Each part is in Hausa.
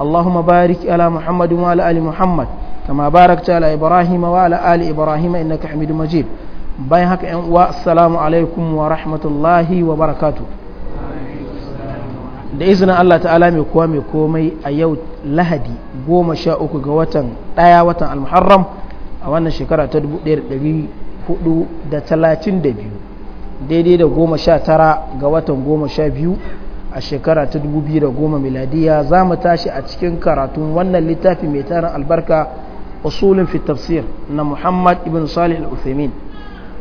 اللهم بارك على محمد وعلى آل محمد كما باركت على إبراهيم وعلى آل إبراهيم إنك حميد مجيد bayan haka ‘yan uwa assalamu alaikum wa rahmatullahi wa barakatu da izinin Allah ta'ala mai kowa mai komai a yau lahadi goma sha uku ga watan ɗaya watan almuharram a wannan shekara ta biyu. daidai da goma sha tara ga watan goma sha biyu a shekara ta 2010 miladiya za mu tashi a cikin karatun wannan littafi mai tarin albarka usulun fi tafsir na muhammad ibn salih al-uthaymin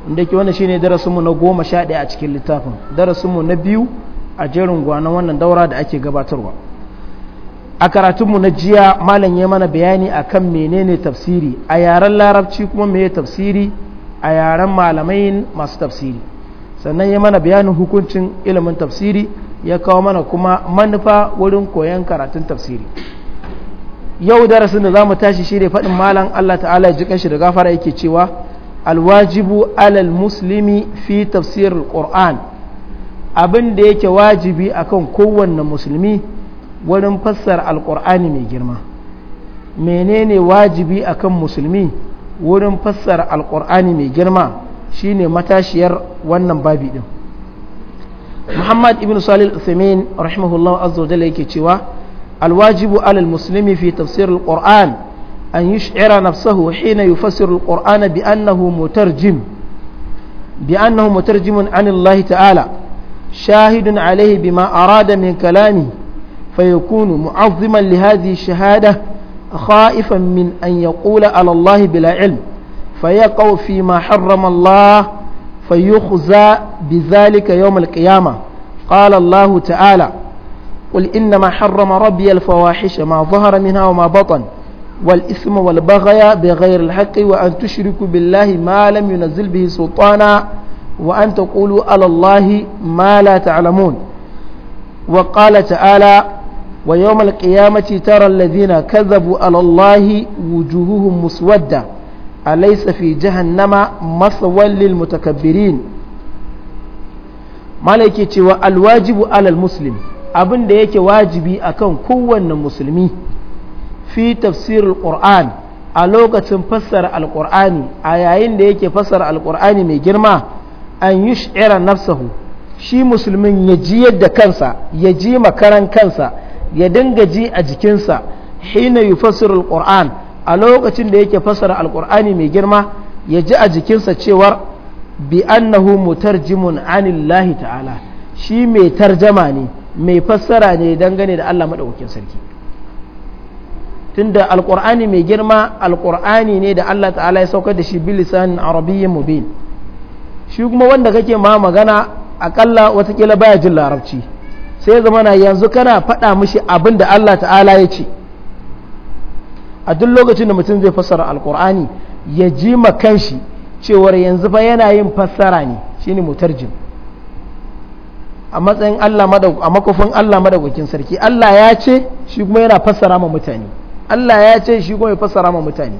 inda ke wannan shine darasinmu na goma sha ɗaya a cikin littafin darasinmu na biyu a jerin gwanon wannan daura da ake gabatarwa a karatunmu na jiya malam ya mana bayani akan menene tafsiri a yaren larabci kuma meye tafsiri a yaren malamai masu tafsiri sannan ya mana bayanin hukuncin ilimin tafsiri ya kawo mana kuma manufa wurin koyon karatun tafsiri yau darasin da za mu tashi shi ne faɗin malam Allah ta'ala ya jikan shi da gafara yake cewa alwajibu alal muslimi fi tafsirin ƙor'an abin da yake wajibi akan kowanne musulmi wurin fassara alqur'ani mai girma menene wajibi akan musulmi wurin fassara alƙur'ani mai girma shine matashiyar wannan babi ɗin. muhammad ibn salih al-uthamin rahimahullah azza wa jalla yake cewa alwajibu alal muslimi fi tafsir al-qur'an an yush'ira nafsahu hina yufassir al-qur'ana bi annahu mutarjim bi annahu mutarjimun an Allah ta'ala shahidun bi ma arada min kalami fayakunu mu'azziman li shahada خائفا من أن يقول على الله بلا علم فيقع فيما حرم الله فيخزى بذلك يوم القيامة قال الله تعالى قل إنما حرم ربي الفواحش ما ظهر منها وما بطن والإثم والبغي بغير الحق وأن تشركوا بالله ما لم ينزل به سلطانا وأن تقولوا على الله ما لا تعلمون وقال تعالى ويوم القيامة ترى الذين كذبوا على الله وجوههم مسودة أليس في جهنم مثوى للمتكبرين malaki cewa alwajibu alal muslim abin da yake wajibi akan kowanne musulmi fi tafsirul qur'an a lokacin fassara alqur'ani a yayin da yake fassara alqur'ani mai girma an yush'ira nafsahu shi musulmin ya ji yadda kansa ya ji makaran kansa ya dinga ji a jikinsa hina yufassirul qur'an a lokacin da yake fassara alkur'ani mai girma ya ji a jikinsa cewar bi annahu mutarjimun anillahi ta'ala shi mai tarjama ne mai fassara ne dangane da Allah madaukakin sarki tunda alkur'ani mai girma alkur'ani ne da Allah ta'ala ya saukar da shi bi lisanin arabiyyin mubin shi kuma wanda kake ma magana akalla wata kila baya jin larabci sai zamana yanzu kana faɗa mishi abin da Allah ta'ala ya ce a duk lokacin da mutum zai fassara alkur'ani ya ji kanshi cewar yanzu fa yana yin fassara ne shi ne mutarjin a matsayin Allah a makofin Allah madagokin sarki Allah ya ce shi kuma yana fassara ma mutane Allah ya ce shi kuma ya fassara ma mutane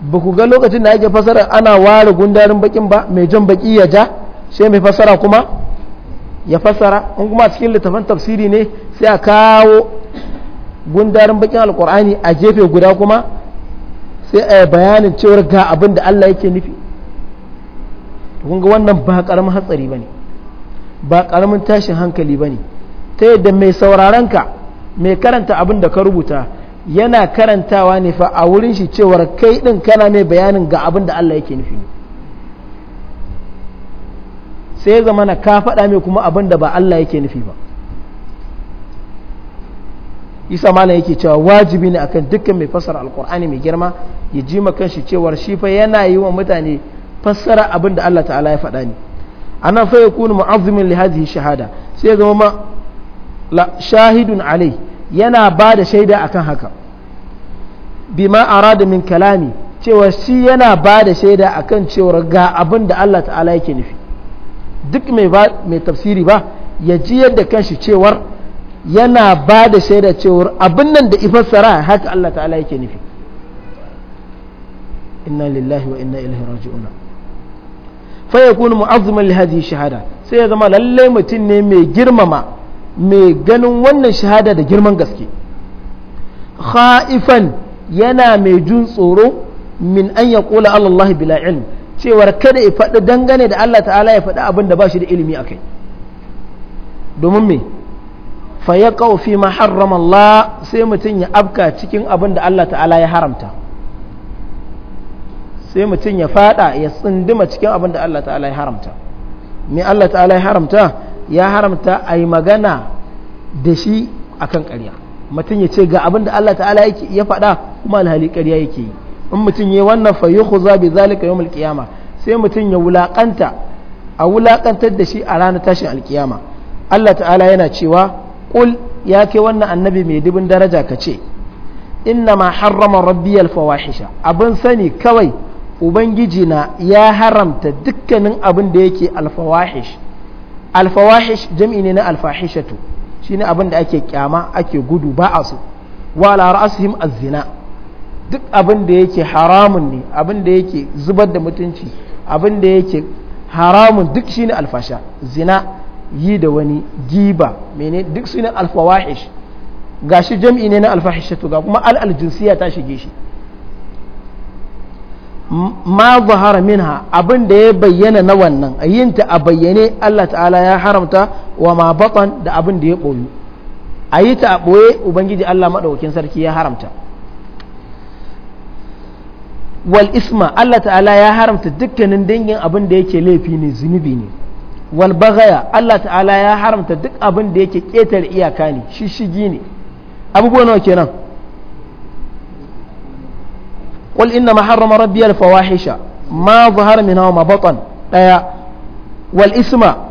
ba ku ga lokacin da ake fassara ana ware gundarin bakin ba mai jan baki ya ja sai mai fassara kuma ya fassara in kuma cikin littafin tafsiri ne sai a kawo gundarin bakin alkur'ani a jefe guda kuma sai a bayanin cewar ga abin da Allah yake nufi kun ga wannan ba karamin hatsari ba ne ba karamin tashin hankali ba ne ta yadda mai sauraron ka mai karanta abin da ka rubuta yana karantawa ne fa a wurin shi cewar kai din kana mai bayanin ga abin da Allah yake nufi sai ya zama na ka faɗa mai kuma abin da ba Allah yake nufi ba isa malam yake cewa wajibi ne akan dukkan mai fassara alkur'ani mai girma ya ji ma kanshi cewar shi fa yana yi wa mutane fassara abin da Allah ta'ala ya faɗa ne anan fa kunu mu'azzimin li hadhihi shahada sai zama ma la shahidun alai yana ba da shaida akan haka bima arada min kalami cewa shi yana ba da shaida akan cewar ga abin da Allah ta'ala yake nufi duk mai tafsiri ba ya ji yadda kanshi cewar yana ba da shaidar cewar abin nan da ifassara haka Allah ta'ala yake nufi inna lillahi wa inna ilaihi raji'un fa yakunu mu'azziman li hadhihi shahada sai ya zama lalle mutum ne mai girmama mai ganin wannan shahada da girman gaske khaifan yana mai jin tsoro min an yaqula Allah bila ilm cewar kada ya faɗi dangane da Allah ta'ala ya faɗi abin da ba shi da ilimi akai domin me fa ya fi ma haram Allah sai mutum ya afka cikin abin da Allah ta'ala ya haramta sai mutum ya fada ya tsindima cikin abin da Allah ta'ala ya haramta me Allah ta'ala ya haramta ya haramta a yi magana da shi akan ƙarya mutum ya ce ga abin da Allah ta'ala ya faɗa kuma alhali karya yake yi in mutum ya wannan fa yi bi zalika yau mulkiyama sai mutum ya wulaƙanta a wulaƙantar da shi a ranar tashin alkiyama Allah ta'ala yana cewa ƙul ya ke wannan annabi mai dubin daraja ka ce inna ma harrama rabbiyal fawahisha abin sani kawai ubangiji na ya haramta dukkanin abin da yake alfawahish alfawahish jam'i ne na alfahishatu ne abin da ake kyama ake gudu ba a so a zina duk abin da yake haramun ne abin da yake zubar da mutunci abin da yake haramun duk ne alfasha zina yi da wani giba mene duk su ne alfawahish gashi jam'i ne na alfahishatu ga kuma al jinsiya ta shige shi ma zahara minha abin da ya bayyana na wannan a a bayyane Allah ta'ala ya haramta wa ma batan da abin da ya boyu a a boye ubangiji Allah maɗaukin sarki ya haramta wal isma Allah ta'ala ya haramta dukkanin dangin abin da yake laifi ne zunubi ne wal Allah ta'ala ya haramta duk abin da yake ƙetare iyaka ne shishigi ne abubuwa nawa kenan qul inna ma harrama rabbi al fawahisha ma zahara minha wa ma batan daya wal isma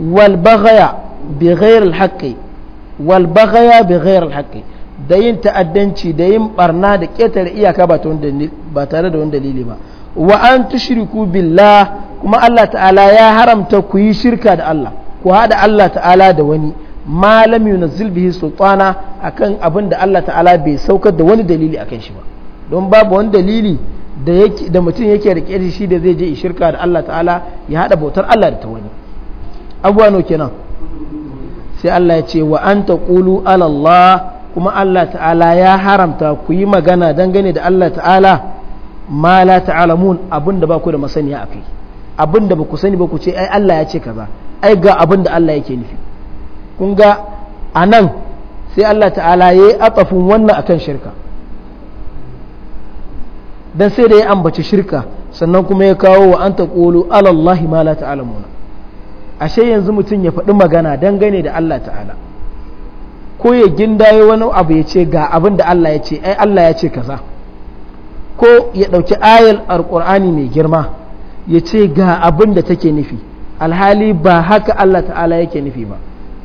wal baghaya bi ghairi al haqqi wal baghaya bi al haqqi da yin ta'addanci da yin barna da ƙetare iyaka ba tare da wani dalili ba wa an tushriku billah kuma Allah ta'ala ya haramta ku yi shirka da Allah ku haɗa Allah ta'ala da wani malam yunzil bihi sultana akan abin da Allah ta'ala bai saukar da wani dalili akan shi ba don babu wani dalili da yake da mutum yake rike da shi da zai je shirka da Allah ta'ala ya haɗa bautar Allah da ta wani abuwa no kenan sai Allah ya ce wa an qulu ala Allah kuma Allah ta'ala ya haramta ku yi magana dangane da Allah ta'ala ma la ta'lamun abinda ba ku da masaniya akai abin da ba ku sani ba ku ce ai Allah ya ce kaza ai ga abin da Allah yake nufi kun ga a nan sai Allah ta'ala ya yi atsafin wannan akan shirka don sai da ya ambaci shirka sannan kuma ya kawo wa an taƙolo alallahi ma la muna ashe yanzu mutum ya faɗi magana dangane da Allah ta'ala ko ya gindaye wani abu ya ce ga abin da Allah ya ce ai Allah ya ce kaza ko ya ɗauki ayar alƙur'ani mai girma ya ce ga abin da take nufi alhali ba haka Allah ta'ala yake nufi ba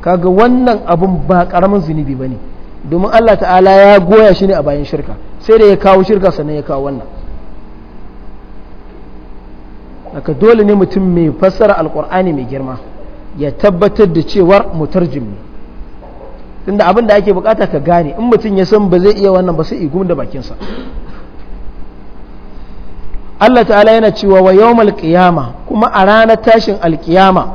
kaga wannan abin ba karamin zunubi ba ne domin Allah ta'ala ya goya shi ne a bayan shirka sai da ya kawo shirka sannan ya kawo wannan haka dole ne mutum mai fassara alkur'ani mai girma ya tabbatar da cewar mutarjim ne tunda abin da ake bukata ka gane in mutum ya san ba zai iya wannan ba sai igun da bakinsa Allah ta'ala yana cewa wa yawmal qiyama kuma a ranar tashin alkiyama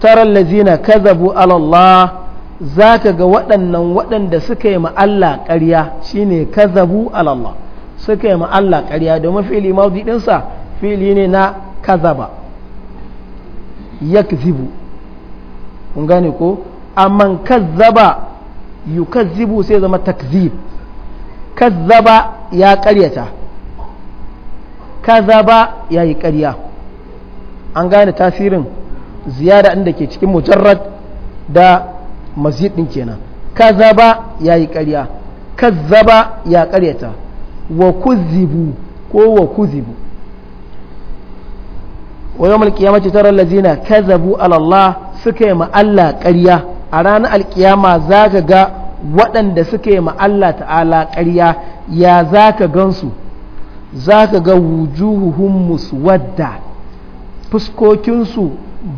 tara allazina kazabu ala Allah zaka ga waɗannan waɗanda suka yi ma Allah ƙarya shine kazabu ala Allah suka yi ma Allah ƙarya domin fi'li maudi dinsa fi'li ne na kazaba yakzibu kun gane ko amma kazzaba yukazzibu sai zama takzib kazzaba ya ƙaryata kazaba yi ƙarya an gane tasirin ziyara inda ke cikin mujarrad da mazid din kenan kazaba yi ƙarya kazaba ya ƙaryata wa kuzibu ko wa kuzibu wa yawmal qiyamati tara allazina kazabu ala Allah suka yi ma Allah ƙarya a ranar alkiyama zaka ga waɗanda suka yi ma Allah ta'ala ƙarya ya za ka gansu za ka ga wujuhuhum muswadda fuskokinsu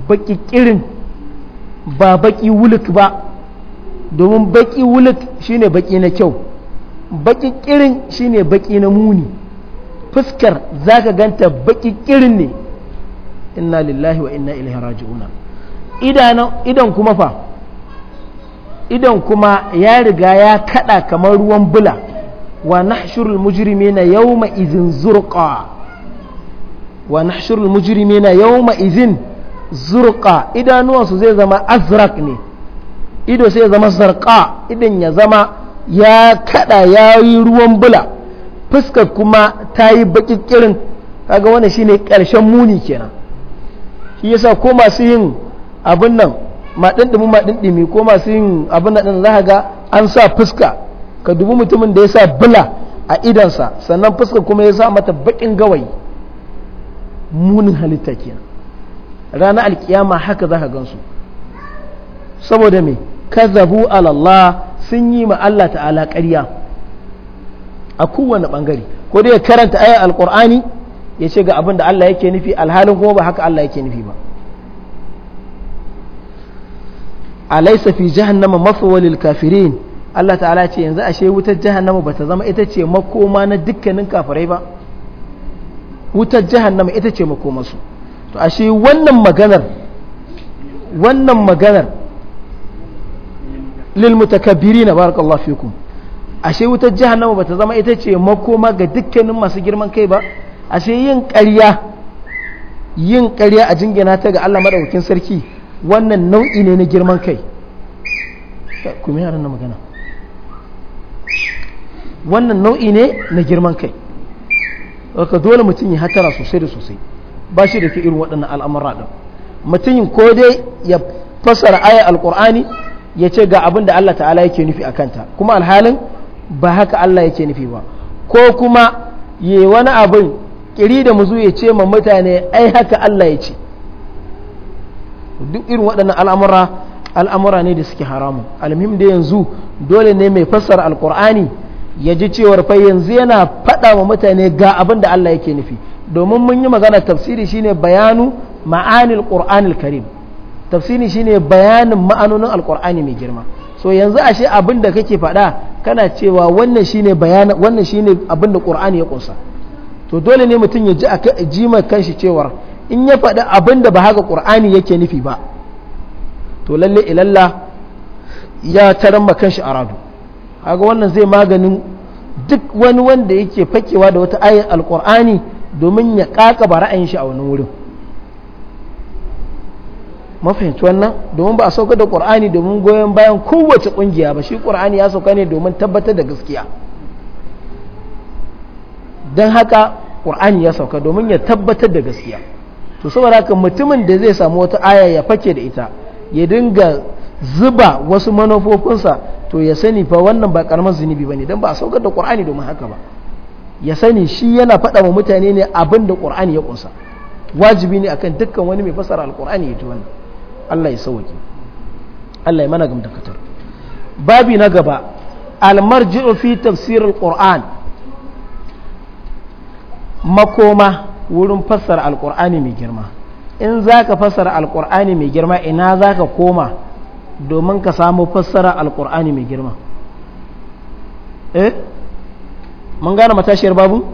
baki kirin ba baki wuluk ba domin baki wuluk shine baki na kyau baki kirin shine baki na muni fuskar za ka ganta baki kirin ne inna lillahi wa inna ilaihi raji'una idan kuma fa idan kuma ya riga ya kada kamar ruwan bula wa nahshurul mujrimina yawma idhin zurqa wa nahshurul mujrimina yawma idhin zurqa idanuwansu zai zama azrak ne ido sai ya zama zarka idan ya zama ya kada ya yi ruwan bula fuska kuma ta yi bakikirin kaga wannan shine karshen muni kenan shi yasa ko masu yin abin nan ma ɗumi ma dindimi ko masu yin abin nan za ga an sa fuska ka dubi mutumin da ya sa bula a idansa sannan fuska kuma ya sa mata bakin gawayi munin halitta kenan rana alkiyama haka za ka su saboda me kazabu alallah sun yi ma Allah ta'ala ƙarya a kowane ɓangare ko dai ya karanta ayar alƙur'ani ya ce ga abin da Allah yake nufi alhalin kuma ba haka Allah yake nufi ba a laisa fi jahannama walil kafirin Allah ta'ala ce yanzu ashe wutar jahannama bata zama ita ce makoma na dukkanin kafirai ba wutar jahannama ita ce makomansu to ashe wannan maganar wannan maganar lil mutakabbirina barakallahu fikum ashe wutar jahannama bata zama ita ce makoma ga dukkanin masu girman kai ba ashe yin ƙarya yin ƙarya a jingina ta ga Allah madaukakin sarki wannan nau'i ne na girman kai ku mi magana wannan nau'i ne na girman kai ka dole mutum yi hatara sosai da sosai ba shi da ke irin waɗannan al'amura ɗin mutum ko dai ya fasara aya ƙurani ya ce ga abin da Allah ta'ala yake nufi a kanta kuma alhalin ba haka Allah yake nufi ba ko kuma yi wani abin ƙiri da mu ya ce ma mutane ai haka Allah ya ce duk irin waɗannan al'amura al'amura ne da suke haramun alhim da yanzu dole ne mai fassara alkur'ani ya ji cewar fa yanzu yana faɗa wa mutane ga abin da Allah yake nufi domin mun yi magana tafsiri shine bayanu ma'anil qur'anil karim tafsiri shine bayanin ma'anonin alkur'ani mai girma so yanzu ashe abin da kake faɗa kana cewa wannan shine bayanin wannan shine abin da qur'ani ya kunsa to dole ne mutum ya ji a jima shi cewar in ya faɗi abin da ba haka qur'ani yake nufi ba to lalle ilalla ya taran kanshi a radu haka wannan zai maganin duk wani wanda yake fakewa da wata ayin alkur'ani domin ya kaka ba ra'ayin shi a wani wurin mafahimci wannan domin ba a sauka da ƙur'ani domin goyon bayan kowace ƙungiya ba shi ƙur'ani ya sauka ne domin tabbatar da gaskiya don haka ƙur'ani ya sauka domin ya tabbatar da gaskiya to saboda haka mutumin da zai samu wata aya ya fake da ita ya dinga zuba wasu manufofinsa to ya sani fa wannan ba karamar zunubi ne don ba a saukar da ƙur'ani domin haka ba ya sani shi yana faɗa wa mutane ne abin da ƙur'ani ya kunsa wajibi ne akan dukkan wani mai fasara alqur'ani ya ji wannan Allah ya sauke Allah ya mana gamdakatar babi na gaba almarji'u fi tafsir alqur'an makoma wurin fassara alqur'ani mai girma in zaka fassara alqur'ani mai girma ina zaka koma domin ka samu fassara alkur'ani mai girma eh mun gane matashiyar babu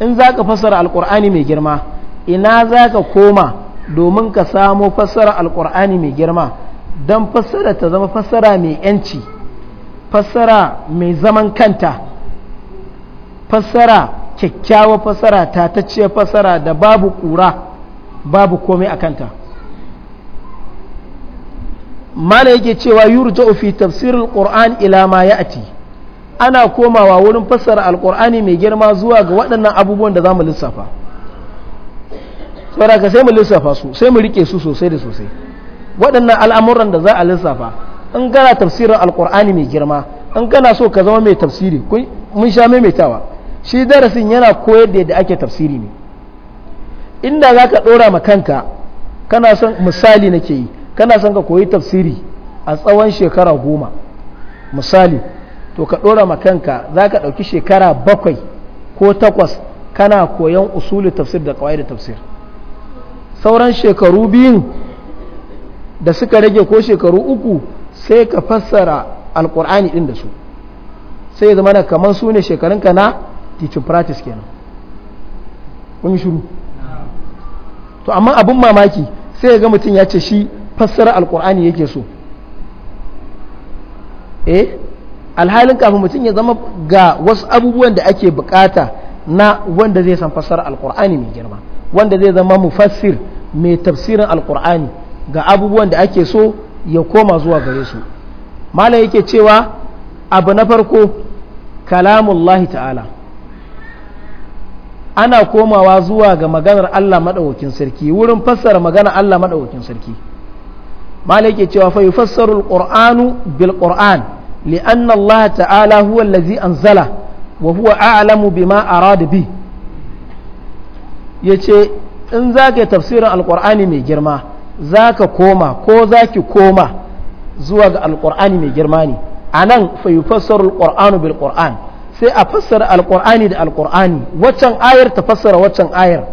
in za ka fassara alkur'ani mai girma ina za ka koma domin ka samu fassara alkur'ani mai girma don fassara ta zama fassara mai yanci fassara mai zaman kanta fassara kyakkyawa fassara tatacciyar fassara da babu kura babu komai a kanta mana yake cewa yurja fi tafsirul qur'an ila ma ya'ti ana komawa wurin fassara alqur'ani mai girma zuwa ga waɗannan abubuwan da zamu lissafa saboda sai mu lissafa su sai mu rike su sosai da sosai waɗannan al'amuran da za a lissafa in gana tafsirin alqur'ani mai girma in gana so ka zama mai tafsiri mun sha maimaitawa shi darasin yana koyar da yadda ake tafsiri ne inda ka ɗora ma kanka kana son misali nake yi kana son ka koyi tafsiri a tsawon shekara goma misali to ka ɗora ma kanka za ka ɗauki shekara bakwai ko takwas kana koyon usuli tafsir da kawai da tafsir sauran shekaru biyun da suka rage ko shekaru uku sai ka fassara alkur'ani ɗin da su sai ya zama na kamar su ne shekarunka na teaching practice kenan kun shiru to amma abin mamaki sai ya ga mutum ya ce shi fassara alkur'ani yake so eh alhalin kafin mutum ya zama ga wasu abubuwan da ake bukata na wanda zai san fassara alkur'ani mai girma wanda zai zama mufassir mai tafsirin alkur'ani ga abubuwan da ake so ya koma zuwa gare su malam yake cewa abu na farko kalamullahi ta'ala ana komawa zuwa ga maganar Allah maɗaukin sarki wurin fassara maganar Allah maɗaukakin sarki malai ke cewa fa yufassaru alqur'anu bil qur'an li'anna Allah ta'ala huwa allazi anzala wa huwa a'lamu bima arada bi yace in zaka tafsirin alqur'ani mai girma zaka koma ko zaki koma zuwa ga alqur'ani mai girma ne anan fa yufassaru alqur'anu bil qur'an sai a fassara alqur'ani da alqur'ani waccan ayar ta fassara waccan ayar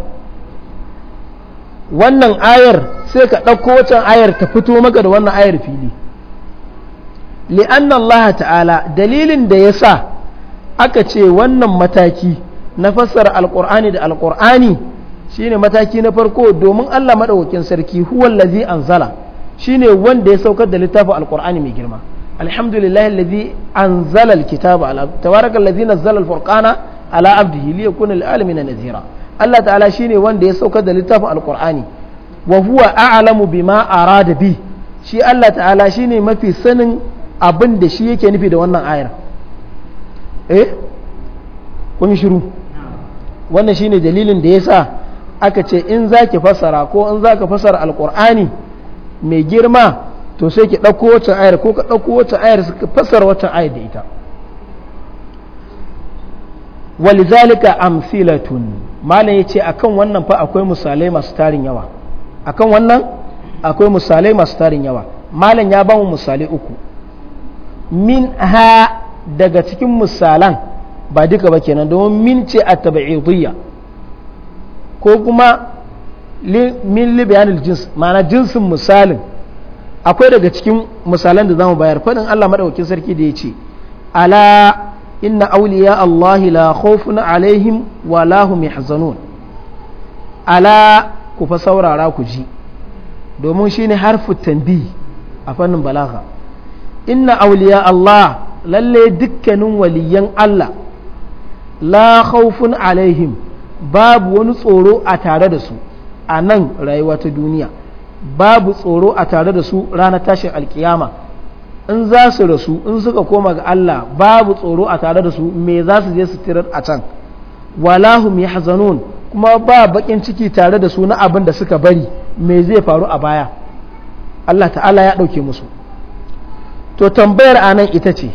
wannan ayar sai ka ɗauko wacan ayar ta fito maka da wannan ayar fili li'annan Allah ta'ala dalilin da ya sa aka ce wannan mataki na fassara alƙur'ani da alƙur'ani shine mataki na farko domin Allah maɗaukakin sarki huwa lazi shi shine wanda ya saukar da littafin alƙur'ani mai girma alhamdulillah lazi zala alkitaba ala tawarakan lazi zala furkana ala abdihi liyakuna lil na nazira Allah ta'ala shine wanda ya saukar da littafin al'kur'ani wa huwa a'lamu bima arada bi shi Allah ta'ala shine mafi sanin abin da shi yake nufi da wannan ayar eh kun shiru wannan shine dalilin da yasa aka ce in zaki fasara ko in zaka fasara Al'ƙur'ani mai girma to sai ki ɗauko wacce ayar ko ka ɗauko wacce ayar ka fassara wacce ayar da ita walizalika amsilatun malam ya ce akan wannan fa akwai misalai masu tarin yawa akan wannan akwai misalai masu tarin yawa malam ya bamu misalai uku min ha daga cikin misalan ba duka ba kenan domin min ce a tabi'idiyya ko kuma min libyanil jins ma'ana jinsin misalin akwai daga cikin misalan da zamu bayar faɗin Allah madaukakin sarki da ya ce ala inna auliya Allah la khawfun alaihim wa la hum yahzanun ala ku fa saurara ku ji domin shine harfu tanbih a fannin balaga inna auliya Allah lalle dukkanin waliyan Allah la khawfun alaihim babu wani tsoro a tare da su a nan rayuwa ta duniya babu tsoro a tare da su ranar tashin alkiyama in za su rasu in suka koma ga Allah babu tsoro a tare da su me za su je su tirar a can walahum yahzanun kuma ba bakin ciki tare da su na abin da suka bari me zai faru a baya Allah ta'ala ya ɗauke musu to tambayar anan ita ce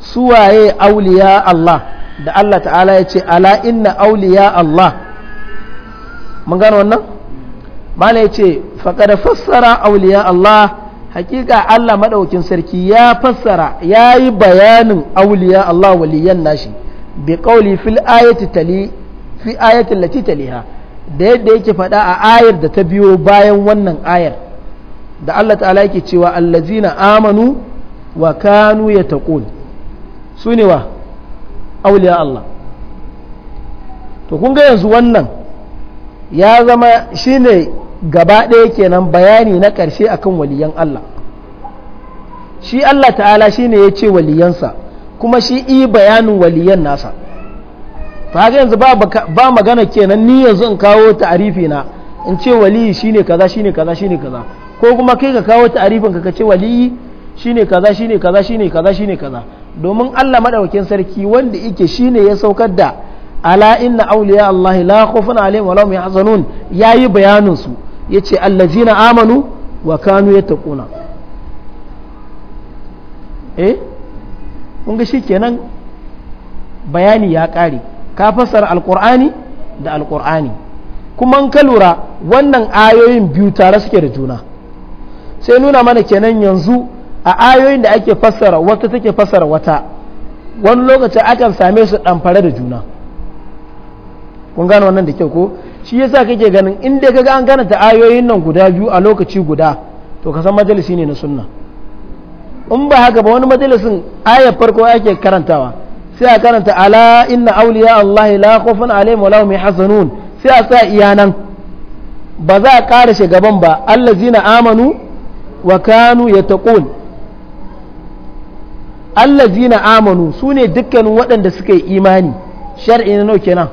suwaye auliya Allah da Allah ta'ala ya ce ala inna auliya Allah mun gano wannan mala ya ce faqad fassara auliya Allah hakika Allah madaukin sarki ya fassara ya yi bayanin auliya Allah waliyan nashi bi ƙauli fil ayati tali fi ayatin lati taliha da yadda yake faɗa a ayar da ta biyo bayan wannan ayar da Allah ta'ala yake cewa allazina amanu wa kanu yataqul su ne wa auliya Allah to kun ga yanzu wannan ya zama shine gaba ɗaya kenan bayani na ƙarshe akan waliyan Allah shi Allah ta'ala shi ne ya ce waliyansa kuma shi yi bayanin waliyan nasa ta yanzu ba magana kenan ni yanzu in kawo ta'arifi na in ce waliyi shine kaza shine kaza shine kaza ko kuma kai ka kawo ta'arifin ka ka ce waliyi shine kaza shine kaza shine kaza shine kaza domin Allah madaukakin sarki wanda yake shine ya saukar da ala inna awliya Allah la khawfun alaihim wa lahum yahzanun yayi bayanin su ya ce na amanu wa kanu ya taƙuna eh kunga shi kenan bayani ya ƙare ka fasar alƙur'ani da alƙur'ani kuma in ka lura wannan ayoyin biyu tare suke da juna sai nuna mana kenan yanzu a ayoyin da ake fassara wata take fasara wata wani lokacin akan same su ɗamfare da juna kun gano wannan da kyau ko shi yasa kake ganin inda dai kaga an karanta ayoyin nan guda biyu a lokaci guda to ka san majalisi ne na sunna in ba haka ba wani majalisin ayar farko ake karantawa sai a karanta ala inna awliya Allah la khawfun alaihim wa lahum yahzanun sai a sa iya nan ba za a shi gaban ba allazina amanu wa kanu yattaqun allazina amanu sune dukkanin waɗanda suka yi imani shar'i ne kenan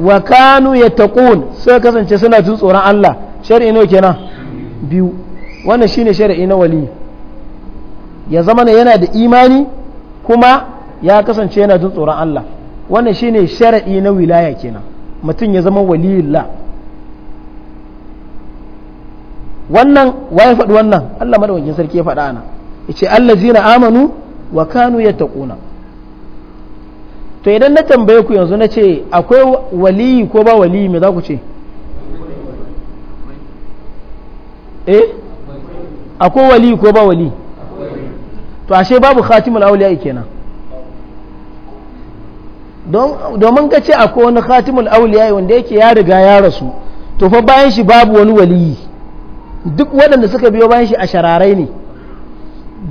wa kanu ya yattaqun sai kasance suna jin tsoron Allah shari'i ne kenan biyu wannan shine shari'i na wali ya zama ne yana da imani kuma ya kasance yana jin tsoron Allah wannan shine shari'i na wilaya kenan mutum ya zama la. wannan waye faɗi wannan Allah madawakin sarki ya faɗa ana ce allah zina amanu wa kanu ya taƙuna. to idan na tambaye ku yanzu na ce akwai waliyi ko ba waliyi me za ku ce eh akwai waliyi ko ba waliyi to ashe babu khatimul auliya kenan domin ka ce akwai wani khatimul awliya wanda yake ya riga ya rasu to fa bayan shi babu wani waliyi duk waɗanda suka biyo bayan shi a shararai ne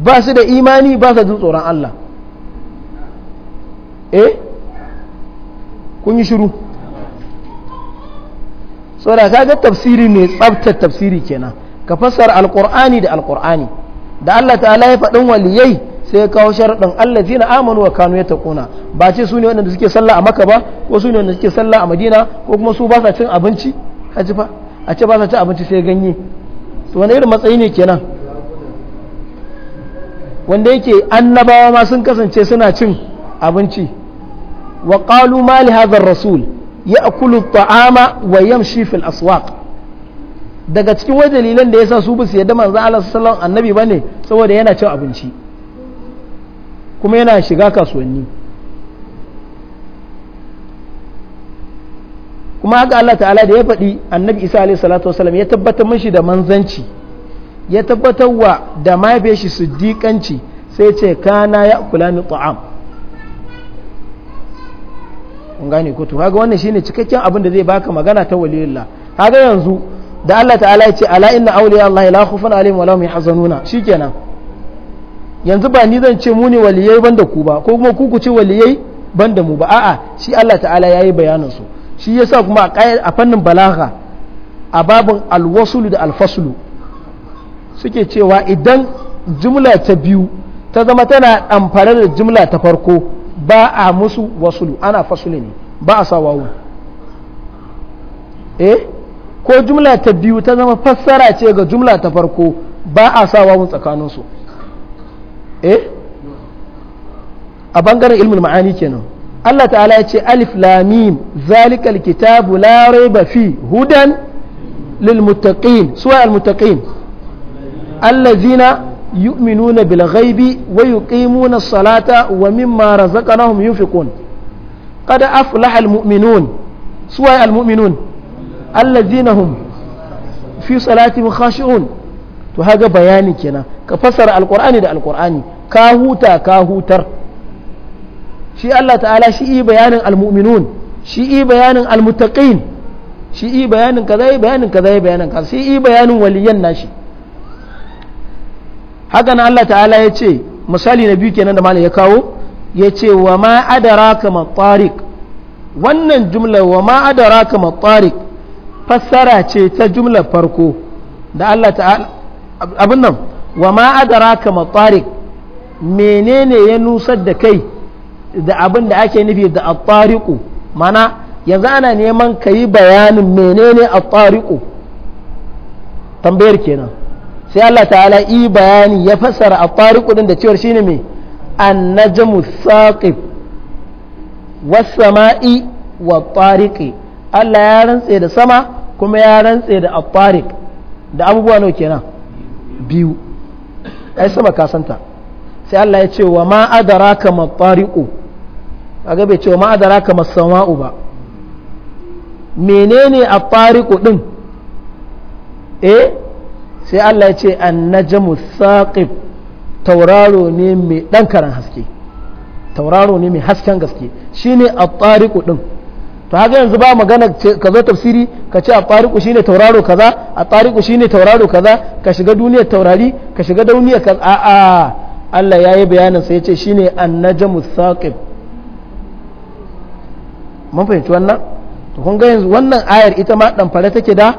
ba su da imani ba su jin tsoron Allah eh kun yi shiru ka ga tafsiri mai tsabtar tafsiri kenan ka fassara alqur'ani da alqur'ani da Allah ta'ala ya faɗin waliyai sai ya kawo sharaɗin allazi na amanu wa kanu ya taƙuna ba ce su ne waɗanda suke sallah a maka ba ko su ne waɗanda suke sallah a madina ko kuma su ba sa cin abinci a ci fa a ce ba sa cin abinci sai ganye to wani irin matsayi ne kenan wanda yake annabawa ma sun kasance suna cin abinci وقالوا ما لهذا الرسول الطعام rasul في at-ta'ama wa daga cikin wai dalilan da yasa su ba su yadda manzo Allah sallallahu annabi bane saboda yana cin abinci kuma yana shiga kasuwanni kuma haka Allah ta'ala da ya faɗi annabi isa alaihi salatu wasallam ya tabbatar mashi da manzanci ya tabbatar wa da mahaifiyar shi siddiqanci sai ce kana ya kula ni ta'am kun gane ko to kaga wannan shine cikakken abin da zai baka magana ta waliyullah kaga yanzu da Allah ta'ala ya ce ala inna awliya Allah la khufun alaihim wa la hum yahzanuna shikenan yanzu ba ni zan ce mu ne waliyai banda ku ba ko kuma ku ku ce waliyai banda mu ba a'a shi Allah ta'ala yayi bayanin su shi yasa kuma a a fannin balagha a babin alwasulu da alfaslu suke cewa idan jumla ta biyu ta zama tana amfana da jumla ta farko ba a musu wasulu ana fasulu ne ba a sa wawu eh ko jumla ta biyu ta zama fassara ce ga jumla ta farko ba a sa wawun tsakaninsu eh a bangaren ilmin ma'ani kenan Allah ta'ala ya ce alif lamim zalikal kitabu la raiba fi hudan lil muttaqin suwa al muttaqin allazina yu'minuna bil ghaibi wa yuqimuna as-salata wa mimma razaqnahum yunfiqun qad aflaha al mu'minun suwa al mu'minun allazina hum fi salatihim khashi'un to haga bayani kenan ka fassara alqur'ani da alqur'ani ka huta ka hutar shi Allah ta'ala shi yi bayanin almu'minun shi yi bayanin shi yi bayanin bayanin bayanin shi yi bayanin haka na Allah ta'ala ya ce misali na biyu kenan da malam ya kawo ya ce wa ma adara adaraka matarik wannan jumla wa ma adara adaraka matarik fassara ce ta jumla farko da Allah ta'ala abin nan wa ma adara adaraka mene menene ya nusar da kai da abin da ake nufi da attariku mana yanzu ana neman ka yi bayanin menene attariku tambayar kenan sai Allah ta'ala yi bayani ya fassara a tariku din da cewar shine mai annajmu saqib was sama'i wa tariqi Allah ya rantse da sama kuma ya rantse da at-tariq da abubuwa nawa kenan biyu ai sama ka santa sai Allah ya ce wa ma adraka ma tariqu kaga bai ce wa ma adraka ma sama'u ba menene a tariqu din eh sai Allah ya ce annajamu saƙif tauraro ne mai ɗankaran haske tauraro ne mai hasken gaske shine a tariqu ɗin to haka yanzu ba magana ka zo tafsiri ka ce at shi shine tauraro kaza at shi shine tauraro kaza ka shiga duniyar taurari ka shiga duniyar kaza a a Allah ya bayanin sai ya ce shine annajamu saqib mun fahimci wannan to kun ga yanzu wannan ayar ita ma ɗan fara take da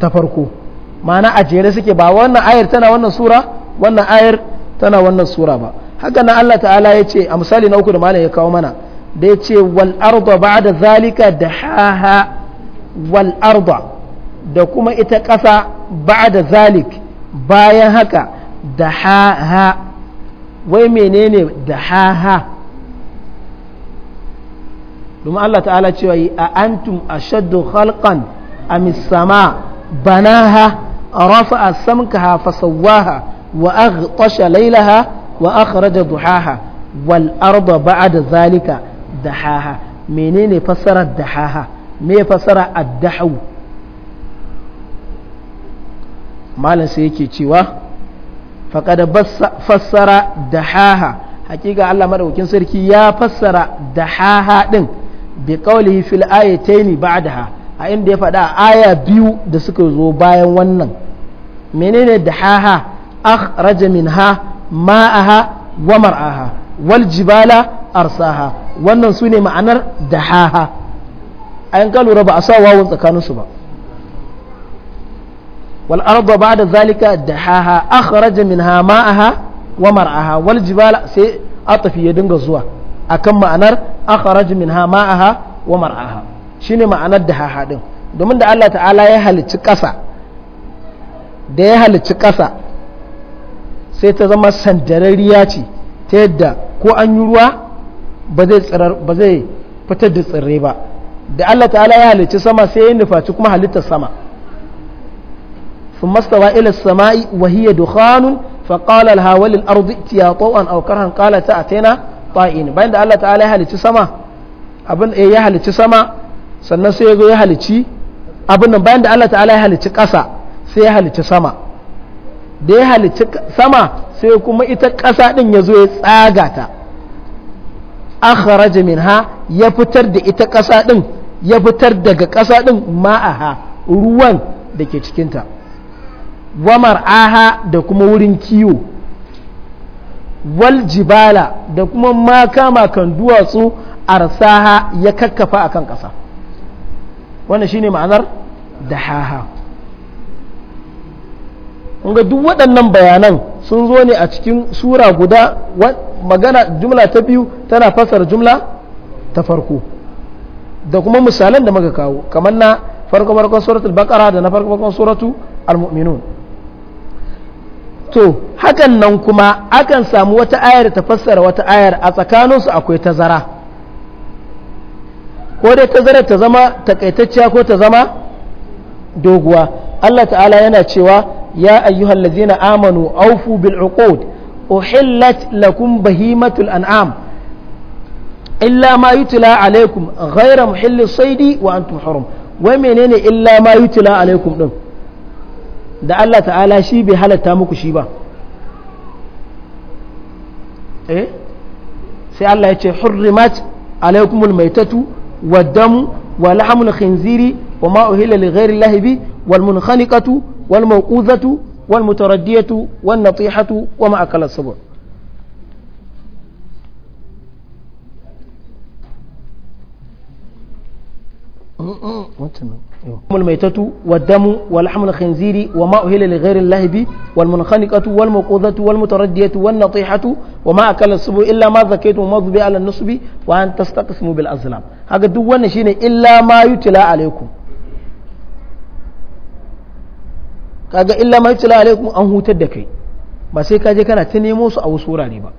ta farko ma'ana a jere suke ba wannan ayar tana wannan sura wannan ayar tana wannan sura ba haka na Allah ta'ala ya ce a misali na uku da malam ya kawo mana da ya ce wal arda ba'da zalika da haha wal arda da kuma ita ƙasa ba'da zalik bayan haka da haha wai menene da haha domin Allah ta'ala cewa a antum ashaddu khalqan amis sama banaha rafa'a samkaha fasawaha wa aghtasha laylaha wa akhraja duhaha wal arda ba'da zalika dahaha menene fassarar dahaha me fassara addahu malam sai yake cewa faqad fassara dahaha hakika Allah madaukakin sarki ya fassara dahaha din bi qawlihi fil ayataini ba'daha a inda ya faɗa aya biyu da suka zo bayan wannan menene da haha ha ma ma'aha wa mar'aha wal jibala arsaha wannan su ne ma'anar da haha ayan ka lura ba a sa wawon tsakaninsu ba wal arda ba'da zalika da haha akhraja ha ma'aha wa mar'aha wal jibala sai atafi ya dinga zuwa akan ma'anar ha minha ma'aha wa mar'aha shine ma'anar da hahadin domin da Allah ta'ala ya halicci ƙasa da ya halicci ƙasa sai ta zama sandarariya ce ta yadda ko an yi ruwa ba zai fitar da tsirrai ba da Allah ta'ala ya halicci sama sai ya nufaci kuma halittar sama sun masta ila sama'i wahiyya dukhanun فقال aukar وللأرض ta a taina كرها bayan da Allah Ta'ala ya halicci sama, abin da eh, ya halicci sama. sannan sai ya zo ya halici abin nan bayan da Allah ta'ala ya halici ƙasa sai ya halici sama da ya halici sama sai kuma ita ƙasa ɗin ya zo ya tsaga ta akharaja minha ya fitar da ita ƙasa ɗin ya fitar daga ƙasa ɗin ma'aha ruwan da ke cikinta wamar aha da kuma wurin kiwo waljibala da kuma maka makan duwatsu arsaha ya kakkafa akan ƙasa wannan shine ma'anar dahaha kuma duk waɗannan bayanan sun zo ne a cikin sura guda magana jumla ta biyu tana fasar jumla ta farko da kuma misalan da muka kawo kamar na farko farkon suratul baqara da na farko farkon suratu al to hakan nan kuma akan samu wata ayar ta fassara wata ayar a tsakaninsu akwai tazara ko dai tazarar ta zama takaitacciya ko ta zama doguwa Allah ta'ala yana cewa ya ayyuhal ladzina amanu aufu bil uqud uhillat lakum bahimatul an'am illa ma yutla alaikum ghayra muhilli saidi wa antum hurum wai menene illa ma yutla alaikum din da Allah ta'ala shi bai halatta muku shi ba eh sai Allah ya ce hurrimat alaikumul maitatu والدم ولحم الخنزير وما أهل لغير الله به والمنخنقة والموقوذة والمتردية والنطيحة وما أكل السبع What's الميتة والدم ولحم الخنزير وما أهل لغير الله به والمنخنقة والمقوذة والمتردية والنطيحة وما أكل السبع إلا ما ذكيتم وما ذبي على النصب وأن تستقسموا بالأزلام هذا دون شيء إلا ما يتلى عليكم kaga illa ma yutla alaikum an hutar da kai ba sai ka je kana ta nemo su a wasu wurare ba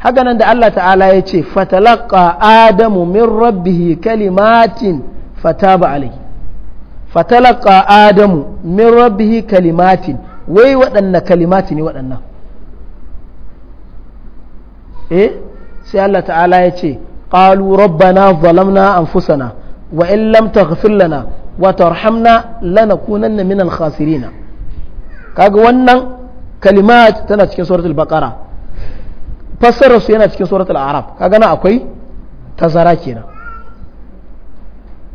haka nan da Allah ta'ala ya ce fatalaqa adamu min rabbihi kalimatin fataba alai fatalaka adamu min rabbihi kalimatin wai waɗanne kalimati ne waɗannan eh sai Allah ta'ala ya ce qalu rabbana zalamna anfusana wa in lam taghfir lana wa tarhamna lanakunanna min al-khasirin kaga wannan kalimat tana cikin suratul baqara fassarar su yana cikin suratul arab kaga na akwai tazara kenan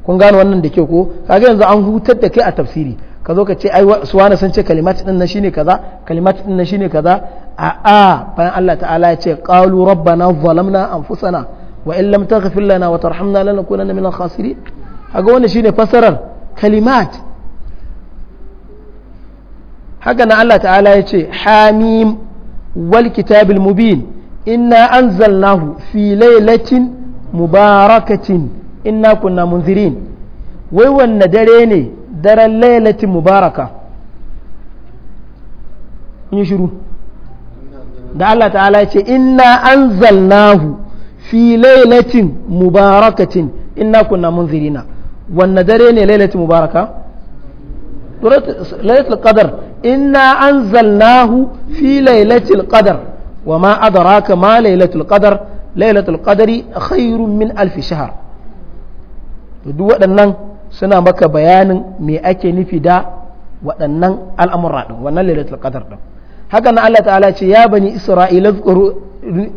kun gane wannan da ke ko kaga yanzu an hutar da kai a tafsiri ka zo ka ce ai suwana sun ce kalimat din nan shine kaza kalimat din nan shine kaza a a bayan Allah ta'ala ya ce qalu rabbana zalamna anfusana wa in lam taghfir lana wa tarhamna lanakunanna khasirin kaga wannan shine fasarar kalimat haka na Allah ta'ala ya ce hamim wal kitabil mubin inna anzalnahu fi lailatin mubarakatin inna kunna munzirin wai wanne dare ne daren lailatin mubaraka yi shiru da Allah ta'ala ce inna anzalnahu fi lailatin mubarakatin inna kunna munzirina wanne dare ne lailatin mubaraka lailatul qadar inna anzalnahu fi lailatul qadar wa ma adraka ma lailatul qadar lailatul qadari khairun min alf shahr to duk waɗannan suna maka bayanin me ake nufi da waɗannan al'amura ɗin wannan lailatul qadar ɗin haka na Allah ta'ala ce ya bani isra'ila zkuru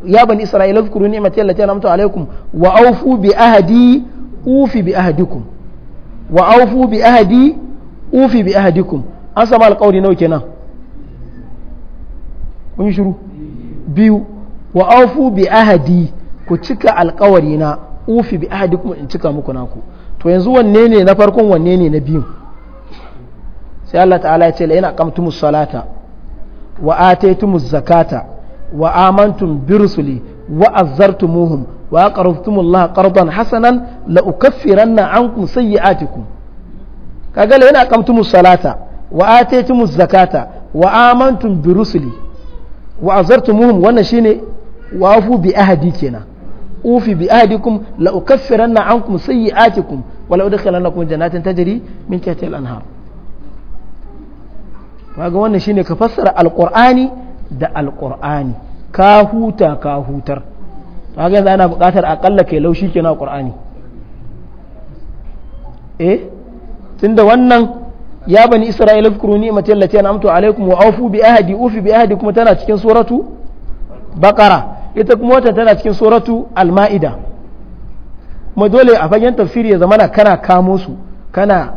ne bani isra'ila zkuru ni'mati alaikum wa aufu bi ahadi ufi bi ahadikum wa awfu bi ahdi ufi bi ahdikum an sama alƙawari nawa kenan kun shiru biyu wa aufu bi ahadi ku cika alƙawari na ufi bi ahdikum in cika muku naku to yanzu wanne ne na farkon wanne ne na biyu sai Allah ta'ala ya ce la ina qamtumus salata wa ataytumuz zakata wa amantum bi rusuli wa azzartumuhum wa aqraftumullah qardan hasanan la ukaffiranna ankum sayyi'atikum kaga la ina qamtumus salata wa ataytumuz zakata wa amantum bi rusuli wa azzartumuhum wannan shine wafu bi ahadi kenan ufi bi ahadikum la ukaffiranna ankum sayyi'atikum wala lakum jannatin tajri min tahtiha al-anhar kaga wannan shine ka fassara alqur'ani da alqur'ani ka huta ka hutar kaga yanzu ana buƙatar akalla kai laushi kenan qur'ani eh tunda wannan ya bani isra'ila fkuru ni'mati allati an'amtu alaikum wa awfu bi ahdi ufi bi ahdi kuma tana cikin suratu baqara ita kuma wata tana cikin suratu al-ma'ida kuma dole a fagen tafsiri ya zamana kana kamo su kana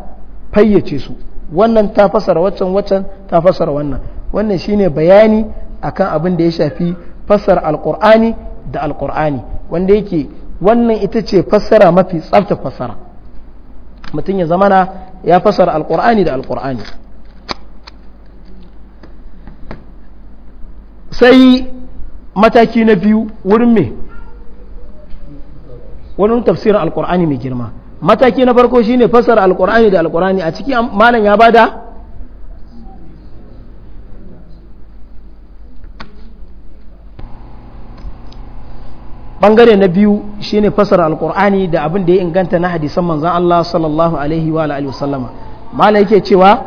fayyace su wannan ta fasara waccan waccan ta fasara wannan wannan shine bayani akan abin da ya shafi fasara alqur'ani da alqur'ani wanda yake wannan ita ce fasara mafi tsafta fasara mutum ya zamana ya fassara alqur'ani da alqur'ani sai mataki na biyu wurin me wani tafsirin alkur'ani mai girma mataki na farko shine fassara alkur'ani da alkur'ani a ciki malam ya bada bangare na biyu shine fasara alkur'ani da abin da ya inganta na hadisan manzan Allah sallallahu alaihi wa alihi wasallama malam yake cewa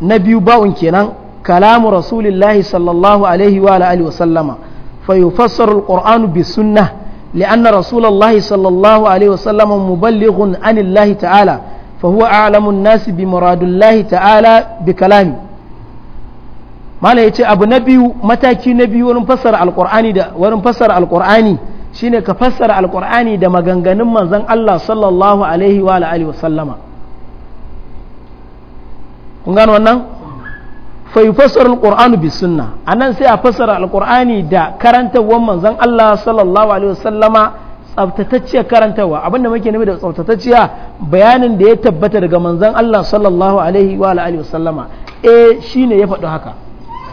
na biyu bawun kenan kalamu rasulillahi sallallahu alaihi wa alihi wasallama fa yufassaru alqur'anu bi sunnah لأن رسول الله صلى الله عليه وسلم مبلغ عن الله تعالى فهو أعلم الناس بمراد الله تعالى بكلامه ما لا يتي أبو نبي متى كي نبي ونفسر القرآن دا ونفسر القرآن شين كفسر القرآن دا مغنغن من زن الله صلى الله عليه وآله وسلم kun gano wannan fa yufassar bi bis a nan sai a fasara Alƙur'ani da wa manzon Allah sallallahu alaihi wasallama tsabtatacciyar karantawa abinda muke nufi da tsabtatacciya bayanin da ya tabbata daga manzon Allah sallallahu alaihi wa alihi wasallama eh shine ya faɗi haka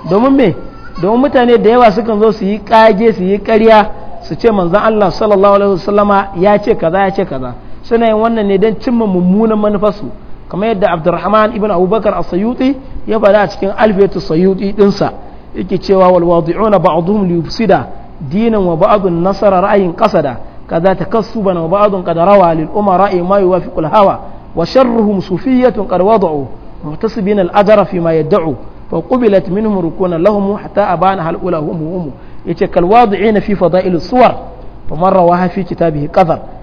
domin me domin mutane da yawa sukan zo su yi kage su yi ƙarya su ce manzon Allah sallallahu alaihi wasallama ya ce kaza ya ce kaza suna yin wannan ne don cimma mummunan manufarsu kamar yadda abdurrahman ibn abubakar a sayuti ya bada a cikin alfiyatu sayuti dinsa yake cewa wal wadi'una ba'dhum li yufsida dinan wa ba'dun nasara ra'ayin qasada kaza takassuban wa ba'dun qad rawa lil umara ma yuwafiqu al hawa wa sharruhum sufiyyatun qad wada'u muhtasibina al ajra fi ma yad'u fa qubilat minhum rukuna lahum hatta abana hal ulahum hum yace kal wadi'ina fi fada'il suwar faman rawaha fi kitabihi qadar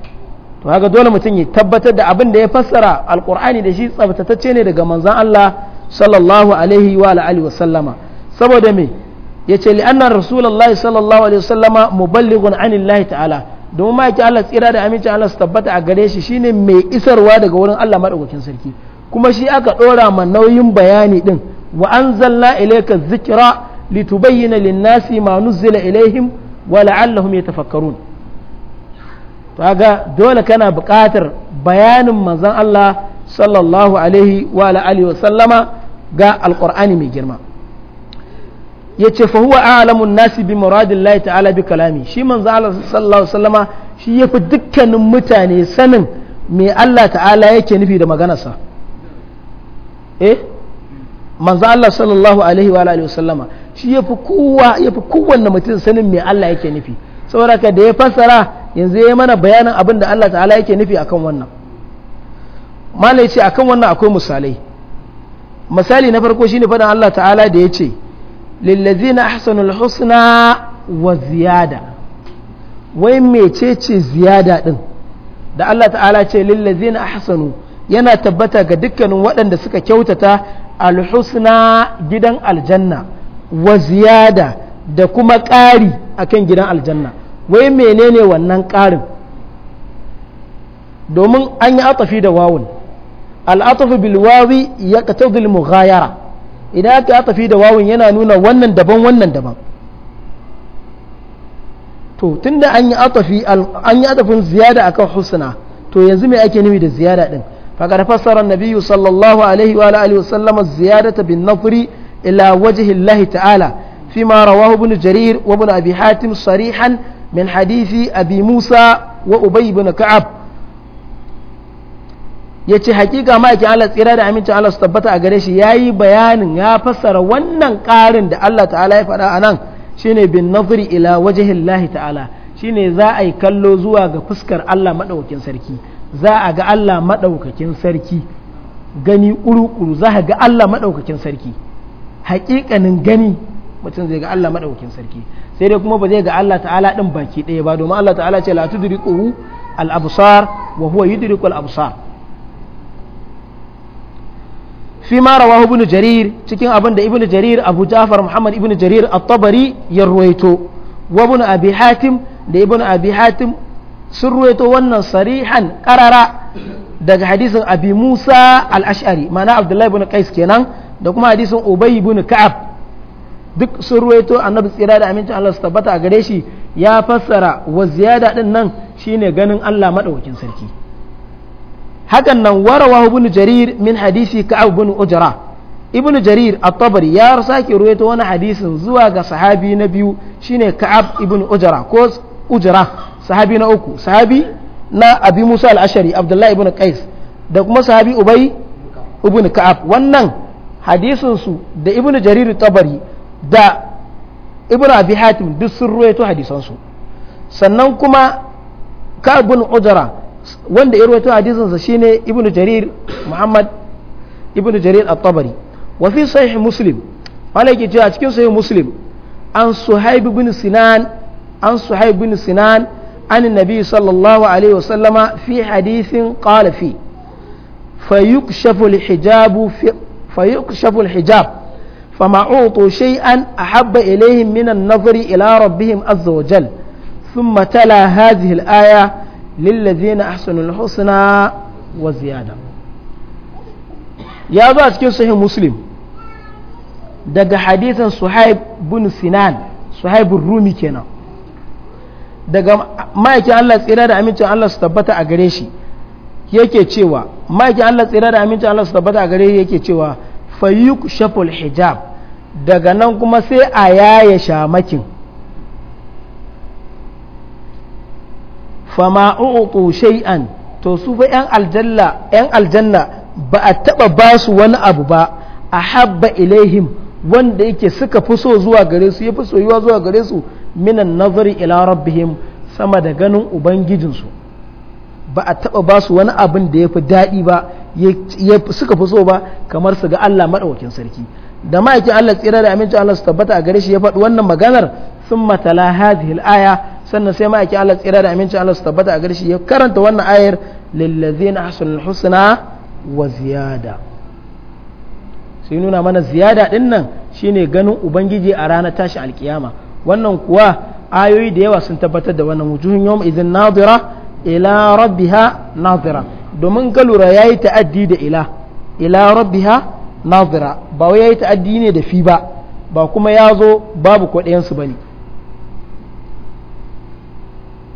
to haka dole mutum ya tabbatar da abin da ya fassara alkur'ani da shi tsabtatacce ne daga manzan Allah sallallahu alaihi wa alihi wasallama saboda me yace li anna rasulullahi sallallahu alaihi wasallama muballighun anillahi ta'ala domin ma yake Allah tsira da aminci Allah su tabbata a gare shi shine mai isarwa daga wurin Allah madaukakin sarki kuma shi aka dora ma nauyin bayani din wa anzalna ilayka dhikra litubayyana lin-nasi ma nuzila ilaihim wa la'allahum yatafakkarun to ga dole kana buƙatar bayanin manzon Allah sallallahu alaihi wa alihi wa sallama ga alqur'ani mai girma yace fa huwa a'lamun nasi bi muradillahi ta'ala bi kalami shi manzon Allah sallallahu alaihi wa sallama shi yafi dukkanin mutane sanin me Allah ta'ala yake nufi da maganarsa eh manzon Allah sallallahu alaihi wa alihi wa sallama shi yafi kowa yafi kowanne mutum sanin me Allah yake nufi saboda ka da ya fassara yanzu ya mana bayanin abin da Allah ta'ala yake nufi akan wannan malai ce akan wannan akwai misalai misali na farko shine faɗin Allah ta'ala da ya ce lillazina ahsanul husna wa ziyada wai mecece ziyada ɗin? da Allah ta'ala ce lillazina ahsanu yana tabbata ga dukkanin waɗanda suka kyautata alhusna gidan aljanna wa ziyada da kuma ƙari akan gidan aljanna wai menene wannan ƙarin domin an yi atafi da wawun al'atafi bilwawi ya katadil mughayara idan aka atafi da wawun yana nuna wannan daban wannan daban to tunda an yi atafi an yi atafin ziyada akan husna to yanzu me ake nufi da ziyada din faqad fassara an sallallahu alaihi wa alihi wa sallam ziyadata bin nafri ila wajhi Allah ta'ala فيما رواه ابن جرير وابن أبي حاتم صريحا من حديث أبي موسى وأبي بن كعب yace hakika ma ma'aikin Allah tsira da amincin Allah su tabbata a gare shi yayi bayanin ya fassara wannan ƙarin da Allah ta'ala ya faɗa anan shine bin nazri ila wajhi Allah ta'ala shine za a yi kallo zuwa ga fuskar Allah maɗaukakin sarki za a ga Allah maɗaukakin sarki gani kuru-kuru za a ga Allah maɗaukakin sarki haƙiƙanin gani mutum zai ga Allah madaukakin sarki sai dai kuma ba zai ga Allah ta'ala din baki ɗaya ba domin Allah ta'ala ce la tudriquhu al absar wa huwa yudriku al absar fi ma rawahu ibnu jarir cikin abin da ibnu jarir abu jafar muhammad ibn jarir at-tabari ya ruwaito wa ibnu abi hatim da ibnu abi hatim sun ruwaito wannan sarihan karara daga hadisin abi musa al-ash'ari ma'ana abdullahi ibn qais kenan da kuma hadisin ubay ibn ka'ab duk sun ruwaito annabi tsira da amincin Allah su tabbata a gare shi ya fassara wa ziyada din nan shine ganin Allah madaukakin sarki hakan nan warawa ibn jarir min hadisi ka'ab ibn ujra ibn jarir at-tabari ya sake ruwaito wani hadisin zuwa ga sahabi na biyu shine ka'ab ibn ujra ko ujra sahabi na uku sahabi na abi musa al-ashari abdullahi ibn qais da kuma sahabi ubay ibn ka'ab wannan hadisin su da ibn jarir at-tabari da ibn abi hatim duk sun ruwaito hadisansu sannan kuma kabul ujara wanda ya ruwaito hadisansa shine ibn jarir muhammad ibn jarir at-tabari wa fi sahih muslim malai ke cewa cikin sahih muslim an suhaib bin sinan an suhaib bin sinan an nabi sallallahu alaihi wasallama fi hadithin qala fi fayukshafu al-hijab fayukshafu al-hijab فما أعطوا شيئا أحب إليهم من النظر إلى ربهم عز وجل ثم تلا هذه الآية للذين أحسنوا الحسنى وزيادة يا ذا صحيح مسلم daga hadisin suhaib bin sinan suhaibun rumi kenan daga ma'aikin allah tsira da amincin allah su tabbata a gare shi yake cewa ma'aikin allah tsira da amincin allah su tabbata a gare shi yake cewa fayyuk shaful hijab daga nan kuma sai a yaya shamakin fama uku shay'an to su fa yan aljanna yan aljanna ba a taba ba wani abu ba a habba ilaihim wanda yake suka fi so zuwa gare su ya fi soyuwa zuwa gare su minan nazari ila rabbihim sama da ganin ubangijinsu ba a taba basu wani abin da ya fi daɗi ba suka fi so ba kamar su ga Allah maɗaukin sarki da ma'aikin Allah tsira da amincin Allah su tabbata a gare shi ya faɗi wannan maganar sun matala hadhihi aya sannan sai ma'aikin Allah tsira da amincin Allah su tabbata a gare shi ya karanta wannan ayar lillazina hasanul husna wa ziyada sai nuna mana ziyada din nan shine ganin ubangiji a rana tashi alkiyama wannan kuwa ayoyi da yawa sun tabbatar da wannan wujuhun yawm izin nadira ila rabbiha nadira domin ka lura yayi ta'addi da ila ila rabbiha nazira ba wai yayi ta'addi ne da fi ba ba kuma ya zo babu kwaɗayensu ba ne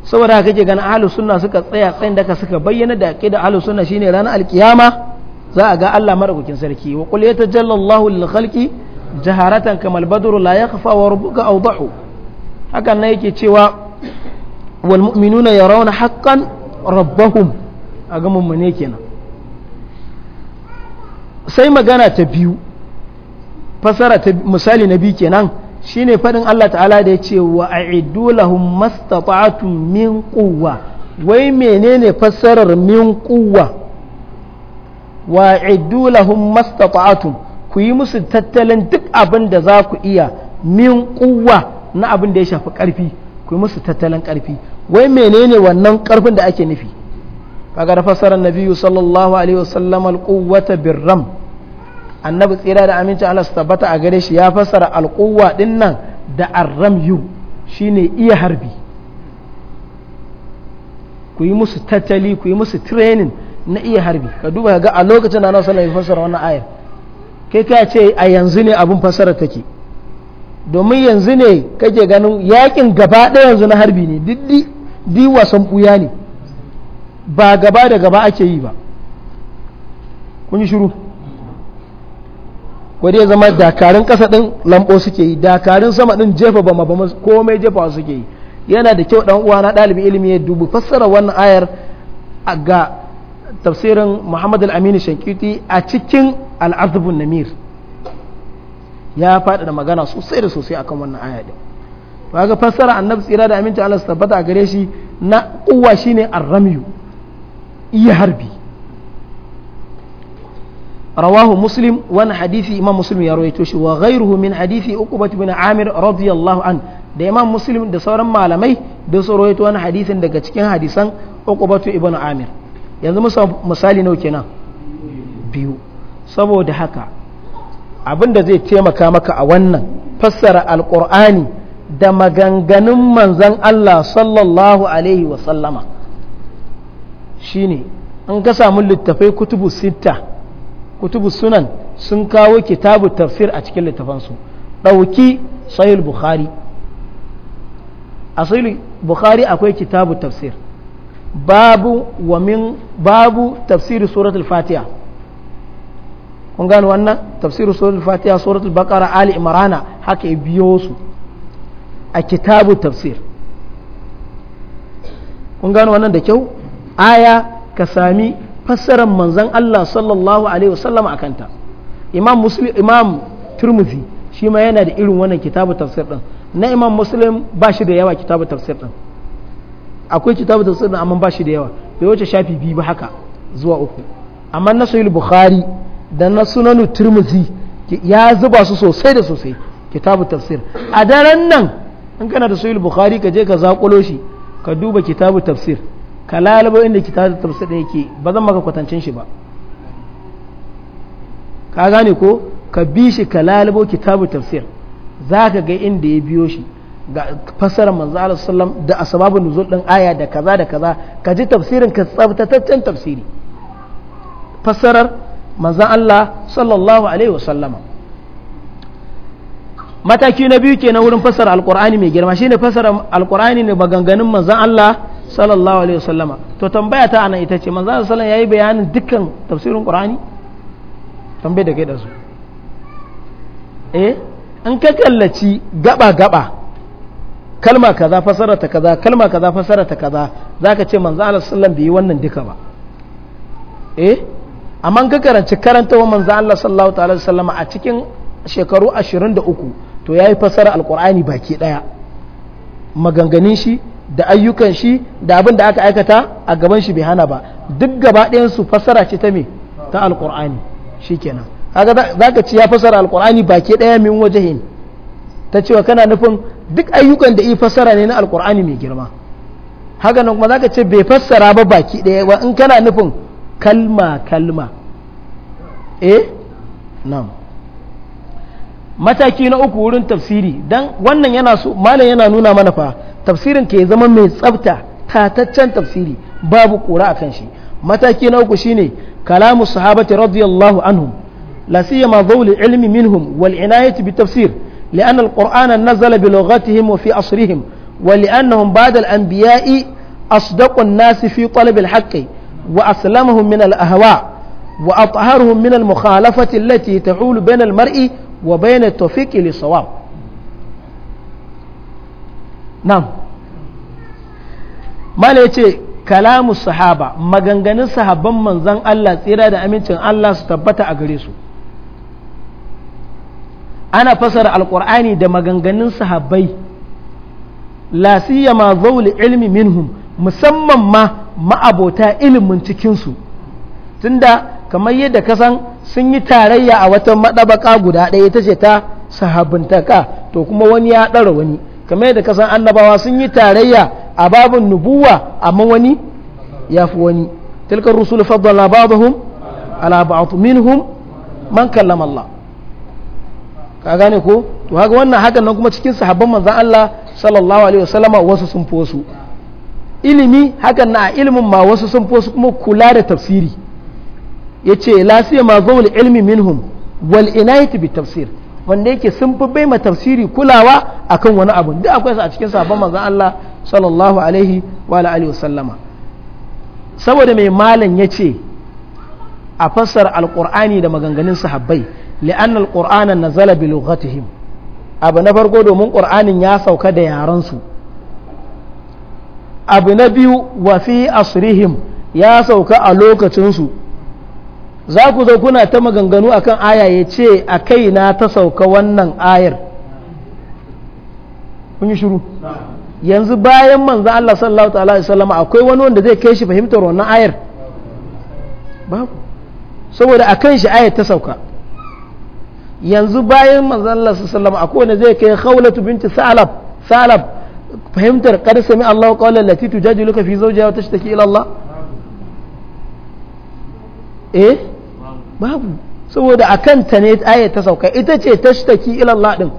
saboda haka kake ganin ahalus sunna suka tsaya tsayin daga suka bayyana da da ahalus sunna shine ranar alkiyama za a ga Allah madaukakin sarki wa qul ta Allahu lil khalqi jaharatan kamal badru la yakhfa wa rabbuka awdahu hakan ne yake cewa wal mu'minuna yarawna haqqan rabbahum a ga mummune kenan sai magana ta biyu fasara ta misali na biyu kenan shine fadin Allah ta'ala da ya ce wa a'iddu lahum mastata'atu min quwwa wai menene fasarar min quwwa wa a'iddu lahum mastata'atu ku yi musu tattalin duk abin da za ku iya min quwwa na abin da ya shafi karfi ku yi musu tattalin karfi wai menene wannan karfin da ake nufi kaga fasara nabiyu sallallahu alaihi wasallam alquwwata birram annabi tsira da aminci Allah tabbata a gare shi ya fasara alquwwa din nan da arramyu shine iya harbi ku yi musu tattali ku yi musu training na iya harbi ka duba ga a lokacin da Annabi sallallahu fasara wannan ayar kai ka ce a yanzu ne abun fasara take domin yanzu ne kake ganin yakin gaba ɗaya yanzu na harbi ne diddi di wasan buya ne ba gaba da gaba ake yi ba kun yi shuru ko zama dakarun kasa din lambo suke yi dakarun sama din jefa ba mabama komai jefa suke yi yana da kyau dan uwa na ɗalibin ilimi ya dubu fassara wannan ayar ga tafsirin Muhammad al-Aminu Shankiti a cikin al Namir ya da magana sosai da sosai akan wannan aya din ba ga fassara annabi tsira da aminci Allah tabbata a gare shi na uwa shine ar-ramyu iya harbi rawahu muslim wani hadisi imam muslim ya rawaito shi wa ghairuhu min hadisi uqbat bin amir radiyallahu an da imam muslim da sauran malamai da su rawaito wani daga cikin hadisan uqbat ibn amir yanzu musa misali nawa kenan biyu saboda haka abin da zai taimaka maka a wannan fassara alqur'ani da maganganun manzon Allah sallallahu alaihi wa sallama shine an ga samu littafai kutubu sita kutubu sunan sun kawo kitabu tafsir a cikin littafansu ɗauki sahih bukhari a sahih bukhari akwai kitabu tafsir babu wa min babu tafsiri suratul fatiha kun gano wannan tafsiri suratul fatiha suratul baqara ali imran haka biyo su a kitabu tafsir kun gano wannan da kyau aya ka sami fassarar manzan Allah sallallahu alaihi wasallam a kanta imam muslim imam turmuzi shi ma yana da irin wannan kitabu tafsir din na imam muslim ba shi da yawa kitabu tafsir din akwai kitabu tafsir din amma ba shi da yawa bai wuce shafi biyu ba haka zuwa uku amma na sahih bukhari da na sunanu turmuzi ya zuba su sosai da sosai kitabu tafsir a daren nan in kana da sahih bukhari ka je ka zakulo shi ka duba kitabu tafsir ka lalabo inda ki da tafsir da yake ba zan maka kwatancin shi ba ka gane ko ka bi shi ka lalabo kitabu tafsir za ka ga inda ya biyo shi ga fassarar manzo Allah sallam da asbabun nuzul din aya da kaza da kaza ka ji tafsirin ka tsabtataccen tafsiri fassarar manzo Allah sallallahu alaihi wa sallama mataki na biyu kenan wurin fasara alqur'ani mai girma shine fasara alqur'ani ne maganganun manzo Allah sallallahu alaihi wasallama to tambaya ta ana ita ce manzo sallallahu alaihi wasallam yayi bayanin dukkan tafsirin qur'ani tambaye da kai da su eh an ka kallaci gaba gaba kalma kaza fasara ta kaza kalma kaza fasara ta kaza zaka ce manzo sallallahu alaihi wasallam bai yi wannan duka ba eh amma ka karanci karanta wa manzo Allah sallallahu alaihi wasallama a cikin shekaru 23 to yayi fasara alqur'ani baki daya maganganin shi da ayyukan shi da abin da aka aikata a gaban shi bai hana ba duk gaba ɗayan su fasara ce ta me ta alqur'ani shikenan kaga zaka ci ya fasara alqur'ani baki ɗaya min wajahin ta cewa kana nufin duk ayyukan da yi fasara ne na alqur'ani mai girma haka nan kuma zaka ce bai fassara ba baki ɗaya ba in kana nufin kalma kalma eh na'am mataki na uku wurin tafsiri dan wannan yana so malam yana nuna mana fa tafsirin ke zama mai tsabta tataccen tafsiri babu kura akan shi mataki na uku shine kalamu sahabati radiyallahu anhum la siyama dawli ilmi minhum wal inayati bi tafsir li anna al qur'ana nazala bi lughatihim fi asrihim wa li annahum ba'da al anbiya'i asdaqu an fi talab al haqqi wa aslamahum min al ahwa wa atharuhum min al mukhalafati allati ta'ulu bayna mar'i wa bayyana tawfiq li sawab nan mala yace kalamu sahaba maganganun sahabban manzon Allah tsira da amincin Allah su tabbata a gare su ana fasara alkur'ani da maganganun sahabbai la siyama zauli ilmi minhum musamman ma ma'abota ilimin su tunda kamar yadda ka san sun yi tarayya a wata madabaka guda ɗaya ita ce ta sahabbantaka to kuma wani ya ɗara wani kamar yadda ka san annabawa sun yi tarayya a babin nubuwa amma wani ya fi wani tilkar rusul faddala ba'dhum ala ba'd minhum man kallama Allah ka gane ko to haka wannan hakan nan kuma cikin sahabban manzon Allah sallallahu alaihi wasallama wasu sun fi ilimi hakan na ilimin ma wasu sun fi kuma kula da tafsiri yace la sai ma zaul ilmi minhum wal inayati bi tafsir wanda yake sun fi bai ma tafsiri kulawa akan wani abu duk akwai su a cikin sabon manzon Allah sallallahu alaihi wa alihi wasallama saboda mai malam ya ce a fassara alqur'ani da maganganun sahabbai li'anna alqur'ana nazala bi lughatihim abu na farko domin qur'anin ya sauka da yaran su abu na biyu wa fi asrihim ya sauka a lokacin su za ku zo kuna ta maganganu kan aya ya ce a kai na ta sauka wannan ayar kun yi shiru yanzu bayan manzan Allah sallallahu ta'ala alaihi wasallam akwai wani wanda zai kai shi fahimtar wannan ayar babu saboda kan shi ayar ta sauka yanzu bayan manzan Allah sallallahu alaihi akwai wanda zai kai Khawlatu binti salaf fahimtar kada sami Allah qawla allati tujadiluka fi zawjiha wa tashtaki ila Allah eh babu saboda a kan ta ne aya ta sauka ita ce tashtaki ilan laɗin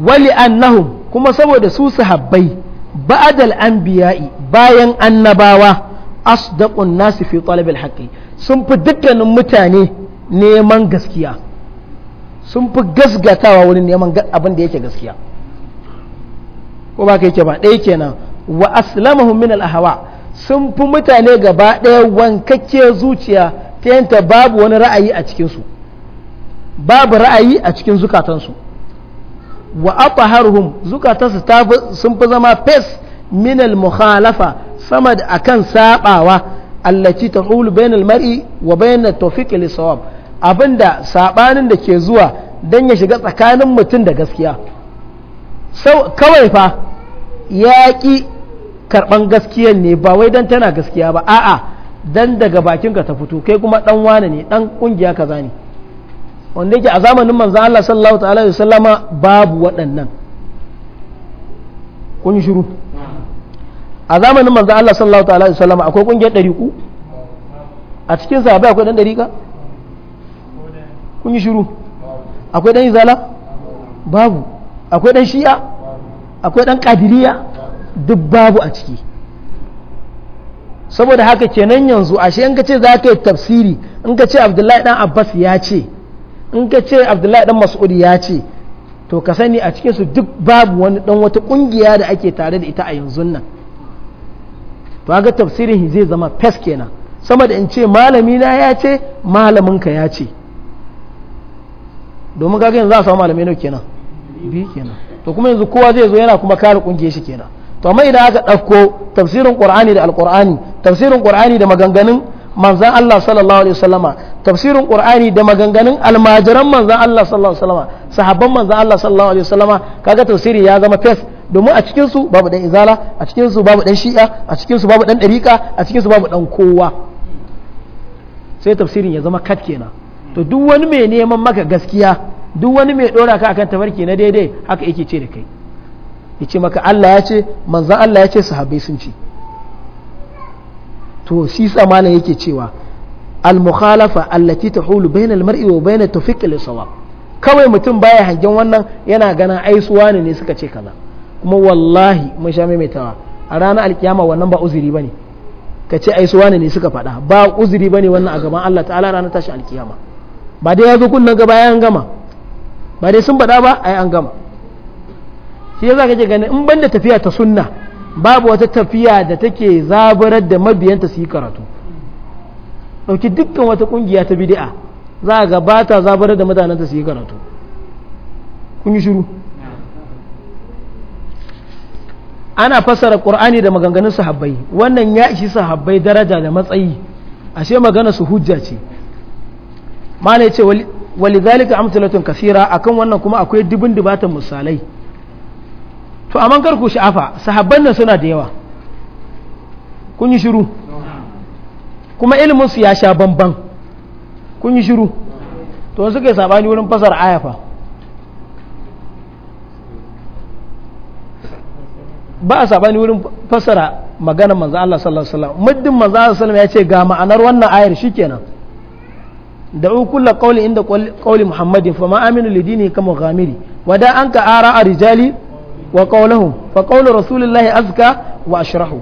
wali annahum kuma saboda su ba'adal an biya'i bayan annabawa asdaqun nasu fi talibin haƙi sun fi dukkanin mutane neman gaskiya sun fi gasgatawa wurin neman abin da yake gaskiya ko ba ka yake ba ɗaya kenan wa aslamahum min al-ahwa sun fi mutane gaba ɗaya wankakke zuciya ta yanta babu wani ra'ayi a cikinsu babu ra'ayi a cikin zukatansu wa haruhun zukatansu sun fi zama fes minal muhalafa sama da akan sabawa allaci ta hulu bainal mar'i wa bainal tawfiq lis sawab abinda sabanin da ke zuwa don ya shiga tsakanin mutum da gaskiya kawai fa ya ki karban gaskiyar ne ba wai don tana gaskiya ba a'a dan daga bakinka ta fito kai kuma dan wane ne dan kungiya kaza ne wanda yake a zamanin manzo Allah sallallahu ta'ala alaihi sallama babu waɗannan kun shiru a zamanin manzo Allah sallallahu ta'ala alaihi sallama akwai kungiyar ku a cikin sahabbai akwai dan ka kun yi shiru akwai dan izala babu akwai dan shi'a akwai dan kadiriya duk babu a ciki saboda haka kenan yanzu ashe in ka ce za ka yi tafsiri in ka ce abdullahi dan abbas ya ce in ka ce abdullahi dan mas'ud ya ce to ka sani a cikinsu duk babu wani dan wata kungiya da ake tare da ita a yanzu nan to ga tafsirin zai zama fes kenan sama da in ce malami na ya ce malaminka ya ce domin kaga yanzu za a samu malami nau kenan biyu kenan to kuma yanzu kowa zai zo yana kuma kare kungiyar shi kenan to mai idan aka ɗauko tafsirin qur'ani da alqur'ani tafsirin qur'ani da maganganun manzan Allah sallallahu alaihi wasallama tafsirin qur'ani da maganganun almajiran manzan Allah sallallahu alaihi wasallama sahabban manzan Allah sallallahu alaihi wasallama kaga tafsiri ya zama fes domin a cikin su babu dan izala a cikin su babu dan shi'a a cikin su babu dan dariqa a cikin su babu dan kowa sai tafsirin ya zama kat kenan to duk wani mai neman maka gaskiya duk wani mai dora ka akan tafarki na daidai haka yake ce da kai ya ce maka Allah ya ce manzan Allah ya ce sahabbai sun ce to shi samana yake cewa al-mukhalafa allati tahulu bainal mar'i wa bainat tawfiq sawab kawai mutum baya hangen wannan yana ganin aisuwa ne ne suka ce kaza kuma wallahi mun sha maimaitawa a ranar alkiyama wannan ba uzuri bane ka ce aisuwa ne ne suka faɗa ba uzuri bane wannan a gaban Allah ta'ala ranar tashi alkiyama ba dai ya zo kunnan gaba ya an gama ba dai sun faɗa ba ai an gama shi ka kake gani in banda tafiya ta sunna babu wata tafiya da take zaburar da mabiyanta su yi karatu ɗauki dukkan wata ƙungiya ta bidi'a za a gabata zaburar da mutanen ta su yi karatu kun yi shiru ana fassara qur'ani da maganganun sahabbai wannan ya ishi sahabbai daraja da matsayi ashe magana su hujja ce malai ce walidhalika amsalatun kasira akan wannan kuma akwai dubin dubatan misalai to amma kar ku sha'afa sahabban nan suna da yawa kun yi shiru kuma ilimin su ya sha banban kun yi shiru to suka yi sabani wurin fasar ayafa ba a sabani wurin fasara magana manzo Allah sallallahu alaihi wasallam muddin manzo Allah sallallahu ya ce ga ma'anar wannan ayar shikenan da kullu qawli inda qawli muhammadin fa ma aminu lidini kama ghamiri wada anka ara a rijali wa qawluhum aska qawlu rasulillahi wa ashrahu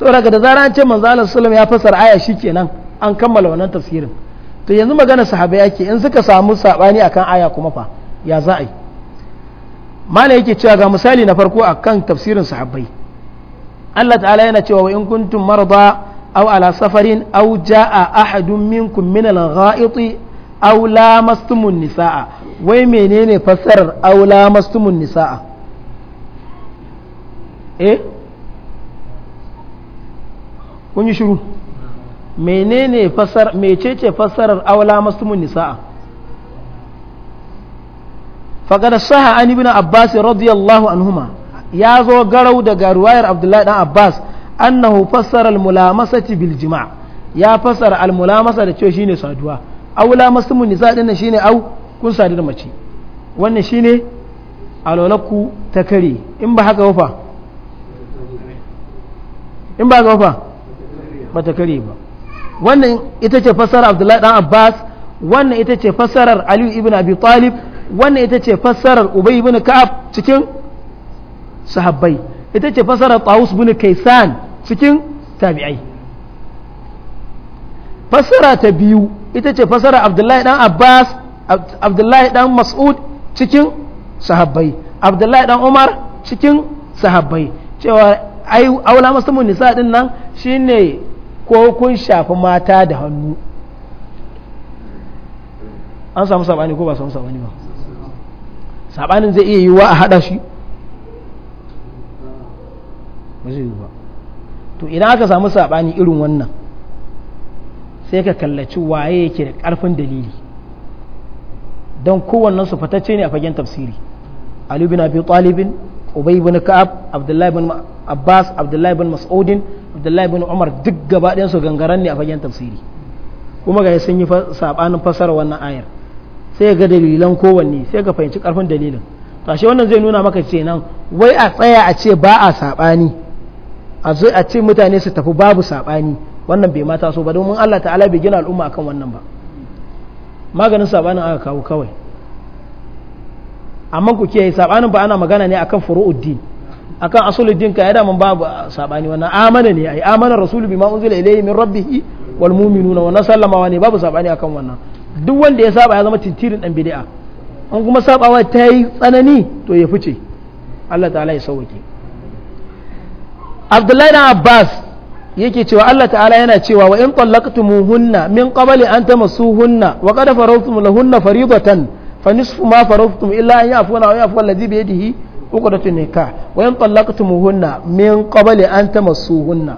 da zarar an ce manzo Allah sallallahu ya fassara aya shikenan an kammala wannan tafsirin to yanzu magana sahabbai yake in suka samu sabani akan aya kuma fa ya za a yi mala yake cewa ga misali na farko akan tafsirin sahabbai Allah ta'ala yana cewa wa in kuntum marda aw ala safarin aw jaa ahadun minkum min al-gha'iti aw lamastumun nisaa wai menene fassarar aw lamastumun nisaa eh kun yi shiru menene fasar mecece fasarar aula mastumun nisa'a faqad sahha an ibn abbas radiyallahu anhuma ya zo garau daga ruwayar abdullahi dan abbas annahu fasara al-mulamasati bil jima' ya fasara al-mulamasa da cewa shine saduwa aula mastumun nisa'a din shine au kun sadu da mace wannan shine alolaku ta kare in ba haka ba fa. in ba gafa fa bata kare ba wannan ita ce fassarar abdullahi dan abbas wannan ita ce fassarar aliyu ibn abi talib wannan ita ce fassarar ubay ibn ka'ab cikin sahabbai ita ce fassarar tawus ibn kaisan cikin tabi'ai fassara ta biyu ita ce fassarar abdullahi dan abbas abdullahi dan mas'ud cikin sahabbai abdullahi dan umar cikin sahabbai cewa ai aula mun nisa din nan shine ko kun shafi mata da hannu an samu sabani ko ba samu sabani ba sabanin zai iya yiwa a hada shi ba zai to idan aka samu sabani irin wannan sai ka kallaci waye yake da karfin dalili don kowannen su fatacce ne a fagen tafsiri ali bin abi talibin ubay bin ka'ab abdullahi bin abbas abdullahi bin mas'udin abdullahi bin umar duk gaba ɗayan su gangaren ne a fagen tafsiri kuma ga sun yi sabanin fassara wannan ayar sai ga dalilan kowanne sai ga fahimci karfin dalilin tashe wannan zai nuna maka ce nan wai a tsaya a ce ba a sabani a zo a ce mutane su tafi babu sabani wannan bai mata so ba domin Allah ta'ala bai gina al'umma akan wannan ba maganin sabanin aka kawo kawai amma ku kiyaye sabanin ba ana magana ne akan furu'uddin akan asuluddin ka ya mun babu sabani wannan amana ne ai amana rasulu bima unzila ilayhi min rabbih wal mu'minuna wannan ne babu sabani akan wannan duk wanda ya saba ya zama titirin dan bid'a an kuma sabawa ta yi tsanani to ya fice Allah ta'ala ya sauke Abdullahi dan Abbas yake cewa Allah ta'ala yana cewa wa in tallaqtumuhunna min qabli an tamassuhunna wa qad farawtum lahunna faridatan fa nisfu ma farawtum illa an yafuna aw yafu alladhi bi yadihi uqdatun nikah wa in talaqtumuhunna min qabli an tamassuhunna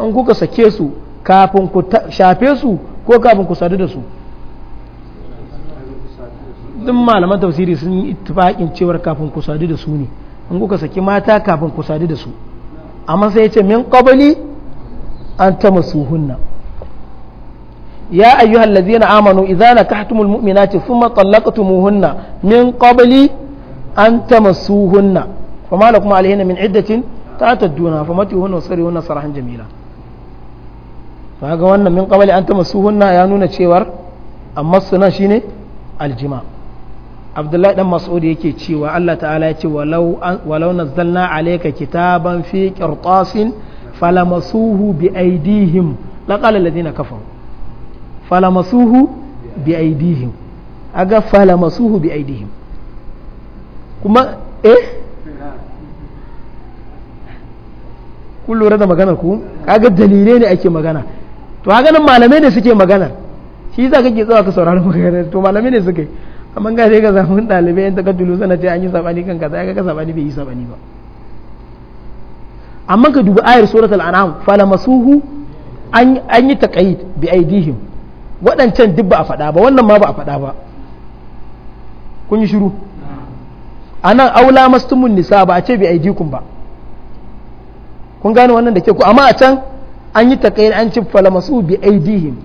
an kuka sake su kafin ku shafe su ko kafin ku sadu da su duk malaman tafsiri sun yi ittifaqin cewar kafin ku sadu da su ne an kuka sake mata kafin ku sadu da su amma sai ya ce min qabli an tamassuhunna يا أيها الذين آمنوا إذا نكحتم المؤمنات ثم طلقتموهن من قبل an tamassuhunna fama lakum alaihinna min iddatin ta'tadduna famatuhunna wasrihunna sarahan jamila kaga wannan min qabali an tamassuhunna ya nuna cewar amma suna shine aljima abdullahi dan mas'ud yake cewa Allah ta'ala ya ce walau walau nazzalna alayka kitaban fi qirtasin falamasuhu bi aydihim laqala alladhina kafaru falamasuhu bi aydihim aga falamasuhu bi aydihim kuma eh kun lura da maganar ku kaga dalilai ne ake magana to ha nan malamai ne suke magana shi yasa ke tsawa ka saurari magana to malamai ne suke amma ga sai ka samu dalibai yan takaddulu sana sanata an yi sabani kan kaza ka sabani bai yi sabani ba amma ka dubi ayar suratul an'am falamasuhu an an yi taqayid bi aidihim wadancan duk ba a faɗa ba wannan ma ba a faɗa ba kun yi shiru anan aula mastumun nisa ba a ce bi aidikum ba kun gane wannan da ke ku amma a can an yi takayin an ci falamasu bi aidihim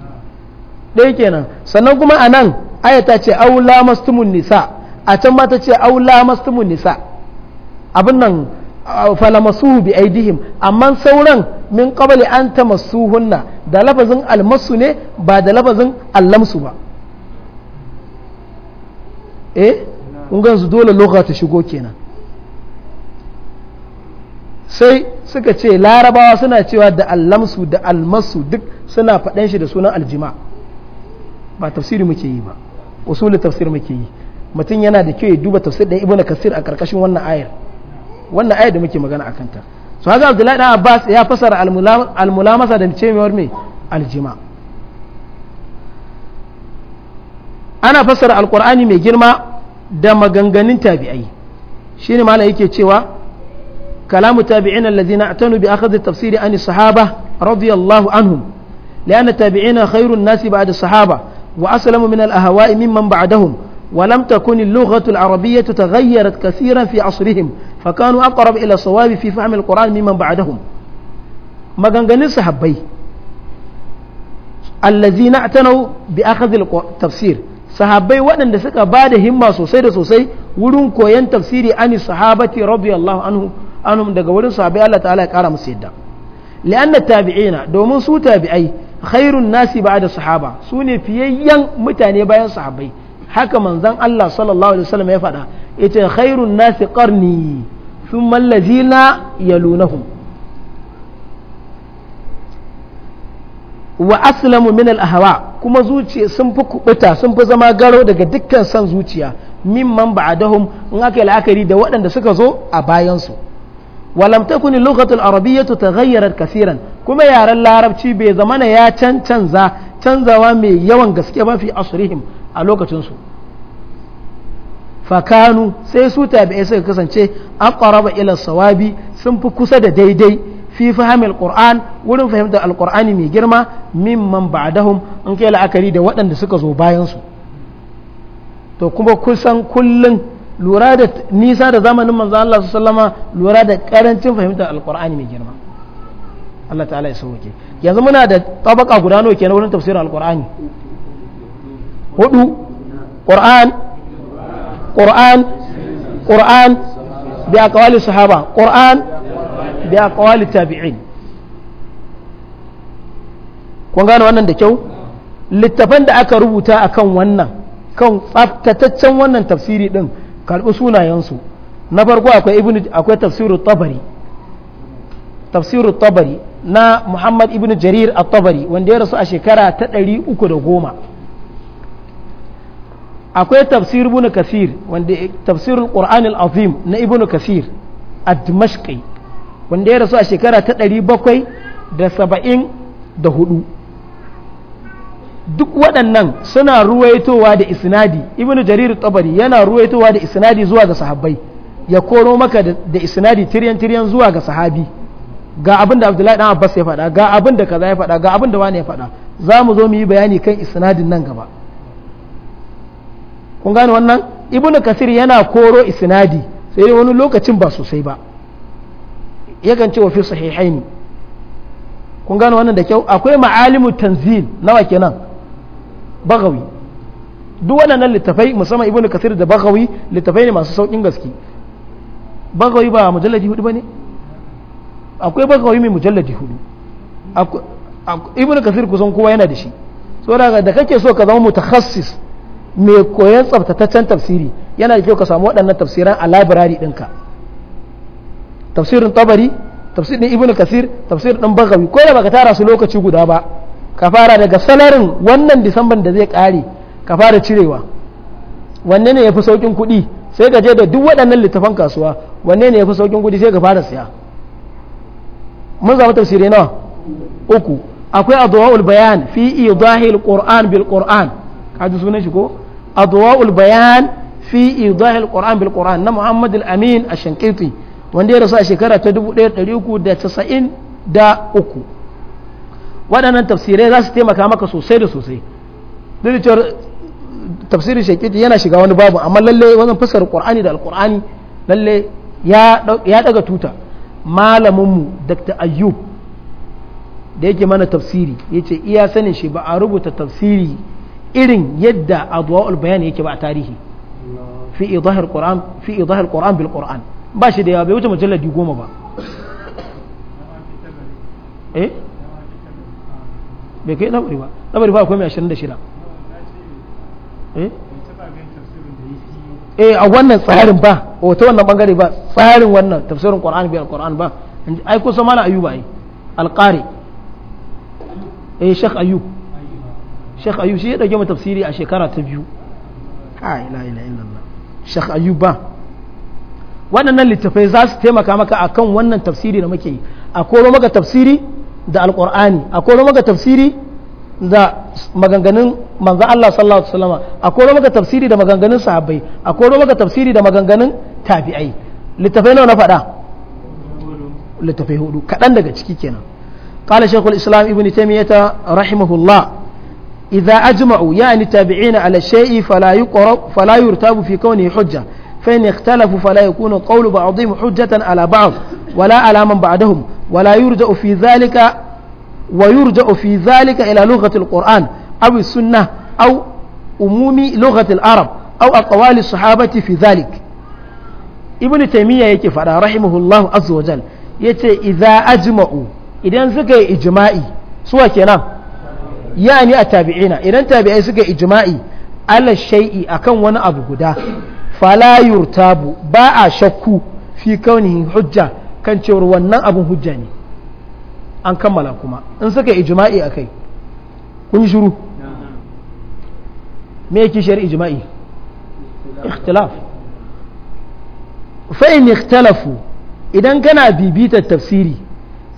ɗaya kenan sannan kuma a nan ayata ce aula mastumun nisa a can ma ta ce aula mastumun nisa abin nan falamasu bi aidihim amma sauran min qabli an hunna da lafazin almasu ne ba da lafazin allamsu ba eh kun gansu dole lugha ta shigo kenan sai suka ce larabawa suna cewa da allamsu da almasu duk suna faɗan shi da sunan aljima ba tafsiri muke yi ba usulul tafsir muke yi mutum yana da kyau ya duba tafsir ɗan ibnu kasir a ƙarƙashin wannan ayar wannan ayar da muke magana a kanta su haza abdullahi dan abbas ya fasara almulamasa da cemewar mai aljima ana fasara alqur'ani mai girma da maganganun tabi'ai shine mala yake cewa kalamu tabi'in alladhina atanu bi akhdhi tafsiri an sahaba radiyallahu anhum لأن التابعين خير الناس بعد الصحابة وأسلموا من الأهواء ممن بعدهم ولم تكن اللغة العربية تغيرت كثيرا في عصرهم فكانوا أقرب إلى الصواب في فهم القرآن ممن بعدهم ما كان صحابي الذين اعتنوا بأخذ التفسير sahabbai waɗanda suka ba da himma sosai da sosai wurin koyon tafsiri ani sahabati allah anhu anhum daga wurin sahabbai Allah ta'ala ya kara musu yadda li'anna tabi'ina domin su tabi'ai khairun nasi da sahaba su ne fiyayyen mutane bayan sahabbai haka manzon Allah sallallahu alaihi wasallam ya faɗa yace khairun nasi qarni thumma allazina yalunahum wa aslamu min al-ahwa kuma zuciya sun fi kubuta sun fi zama garo daga dukkan san zuciya a dahun in aka yi la'akari da waɗanda suka zo a bayansu walam takun ya arabiyyatu gayyarar kasiran kuma yaren larabci bai zamana ya canza canzawa mai yawan gaske ba fi asrihim a lokacinsu. fakanu sai su tabi'ai suka kasance an aqraba ila sawabi sun fi kusa da daidai fi fahimil qur'an wurin fahimtar alkur'ani mai girma mimman ba'dahum an kai la'akari da waɗanda suka zo bayan su to kuma kusan kullun lura da nisa da zamanin manzo Allah sallama lura da ƙarancin fahimtar alqur'ani mai girma Allah ta'ala ya sauke yanzu muna da tabaka guda nawa kenan wurin tafsirin alqur'ani hudu qur'an qur'an qur'an bi aqwali sahaba qur'an bi aqwali tabi'in kun gane wannan da kyau littafan da aka rubuta akan wannan kan tsaftataccen wannan tafsiri din karbi sunayensu na farko akwai ibnu akwai na Muhammad ibn Jarir at-Tabari wanda ya rasu a shekara ta ɗari uku da goma akwai tafsir ibn Kasir wanda tafsirul al-Azim na ibn Kasir a dimashqi wanda ya rasu a shekara ta ɗari bakwai da saba'in da hudu duk waɗannan suna ruwaitowa da isnadi ibnu jarir tabari yana ruwaitowa da isnadi zuwa ga sahabbai ya koro maka da isnadi tiryan tiryan zuwa ga sahabi ga abin da abdullahi dan abbas ya faɗa ga abin da kaza ya faɗa ga abin da wani ya faɗa za mu zo mu yi bayani kan isnadin nan gaba kun gane wannan ibnu kasir yana koro isnadi sai wani lokacin ba sosai ba yakan ce wa fi ne kun gano wannan da kyau akwai ma'alimu tanzil nawa kenan bagawi duk waɗannan littafai musamman ibn kasir da bagawi littafai ne masu saukin gaske bagawi ba mujalladi hudu bane akwai bagawi mai mujalladi hudu ibn kasir kusan kowa yana da shi saboda da kake so ka zama mutakhassis mai koyon tsaftataccen tafsiri yana da kyau ka samu waɗannan tafsiran a library ɗinka tafsirin tabari tafsir din ibnu kasir tafsir ɗin bagawi ko da baka tara su lokaci guda ba ka fara daga salarin wannan disamban da zai kare ka fara cirewa wanne ne yafi saukin kuɗi sai ka je da duk waɗannan littafan kasuwa wanne ne yafi saukin kuɗi sai ka fara siya mun zama tafsirai nawa uku akwai adwaul bayan fi idahil qur'an bil qur'an kaji sunan shi ko adwaul bayan fi idahil qur'an bil qur'an na muhammad al amin ash-shankiti wanda ya rasu a shekara ta 1393 waɗannan tafsirai za su taimaka maka sosai da sosai duk da tafsirin shekiti yana shiga wani babu amma lalle wajen fasar qur'ani da alqur'ani lalle ya daga tuta malaminmu dr ayyub da yake mana tafsiri ya ce iya sanin shi ba a rubuta tafsiri irin yadda adwa'ul albayani yake ba a tarihi fi idahar ƙoran bil qur'an ba shi da yawa bai wuce mujalladi goma ba eh bai kai labari ba labari ba akwai mai ashirin da eh? eh a wannan tsarin ba o ta wannan bangare ba tsarin wannan tafsirin qur'ani bai qur'an ba ai kusa mala ayyuba ai alqari eh shekh ayyub shekh ayyub shi ya dauke mu tafsiri a shekara ta biyu ha ila ila illallah shekh ayyub ba waɗannan littafai za su taimaka maka akan wannan tafsiri da muke yi a koro maka tafsiri da alkur'ani a koro maka tafsiri da maganganun manzo Allah sallallahu alaihi wasallam a koro maka tafsiri da maganganun sahabbai a koro maka tafsiri da maganganun tabi'ai littafai nawa na faɗa littafai hudu kaɗan daga ciki kenan قال شيخ الإسلام ابن تيمية رحمه الله إذا أجمعوا يعني تابعين على الشيء فلا يقرأ فلا يرتاب في كونه حجة فإن اختلفوا فلا يكون قول بعضهم حجة على بعض ولا على من بعدهم ولا يرجع في ذلك ويرجع في ذلك إلى لغة القرآن أو السنة أو أموم لغة العرب أو أقوال الصحابة في ذلك ابن تيمية يكفر رحمه الله عز وجل يتي إذا أجمعوا إذا سكى إجماعي سوى كنا يعني التابعين إذا تابعي سكى إجماعي على الشيء أكون وأنا أبو قدا fala yurtabu ba a shakku fi kaunihin hujja kan cewar wannan abin hujja ne an kammala kuma in suka yi ijma'i a kai kun yi shuru me yake shari'a ijma'i ikhtilaf fa in ikhtalafu idan kana bibitar tafsiri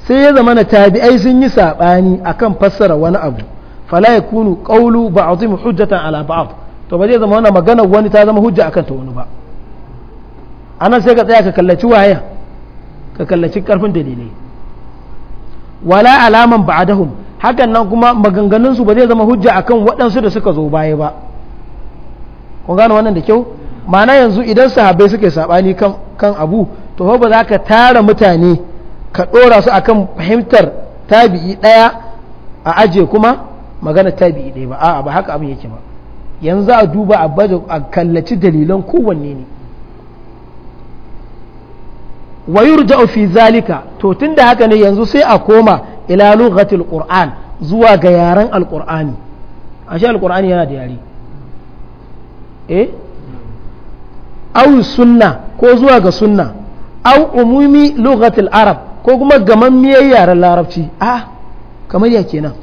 sai ya zama na tabi'ai sun yi saɓani akan fassara wani abu fala yakunu qawlu ba'dhum hujjata ala ba'd to ba zai zama wannan magana wani ta zama hujja akan ta wani ba anan sai ka tsaya ka kallaci waya ka kallaci karfin dalilai wala alaman ba'dahum hakan nan kuma maganganun su ba zai zama hujja akan waɗansu da suka zo baya ba kun gane wannan da kyau ma'ana yanzu idan sahabbai suke sabani kan kan abu to ba za ka tara mutane ka dora su akan fahimtar tabi'i ɗaya a aje kuma magana tabi'i ɗaya ba a'a ba haka abin yake ba yanzu a duba a kallaci dalilan kowanne ne wayur yurja'u fi zalika to tunda haka ne yanzu sai a koma ila lughatil qur'an zuwa ga yaren alqur'ani ashe alqur'ani yana da yare eh aw sunna ko zuwa ga sunna aw umumi lughatil arab ko kuma gaman yaren larabci ah kamar ya kenan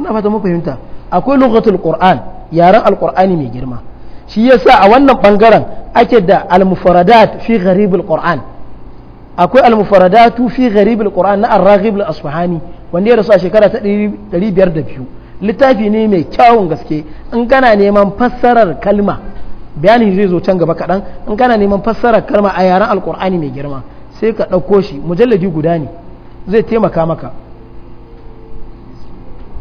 ina fata mun fahimta akwai lokacin qur'an yaren alqur'ani mai girma shi yasa a wannan bangaren ake da almufaradat fi gharibul qur'an akwai almufaradatu fi gharibul qur'an na ar-raghib al-asfahani wanda ya rasu a shekara ta biyu. littafi ne mai kyawun gaske in kana neman fassarar kalma bayani zai zo can gaba kaɗan in kana neman fassarar kalma a yaren alkur'ani mai girma sai ka ɗauko shi mujalladi guda ne zai taimaka maka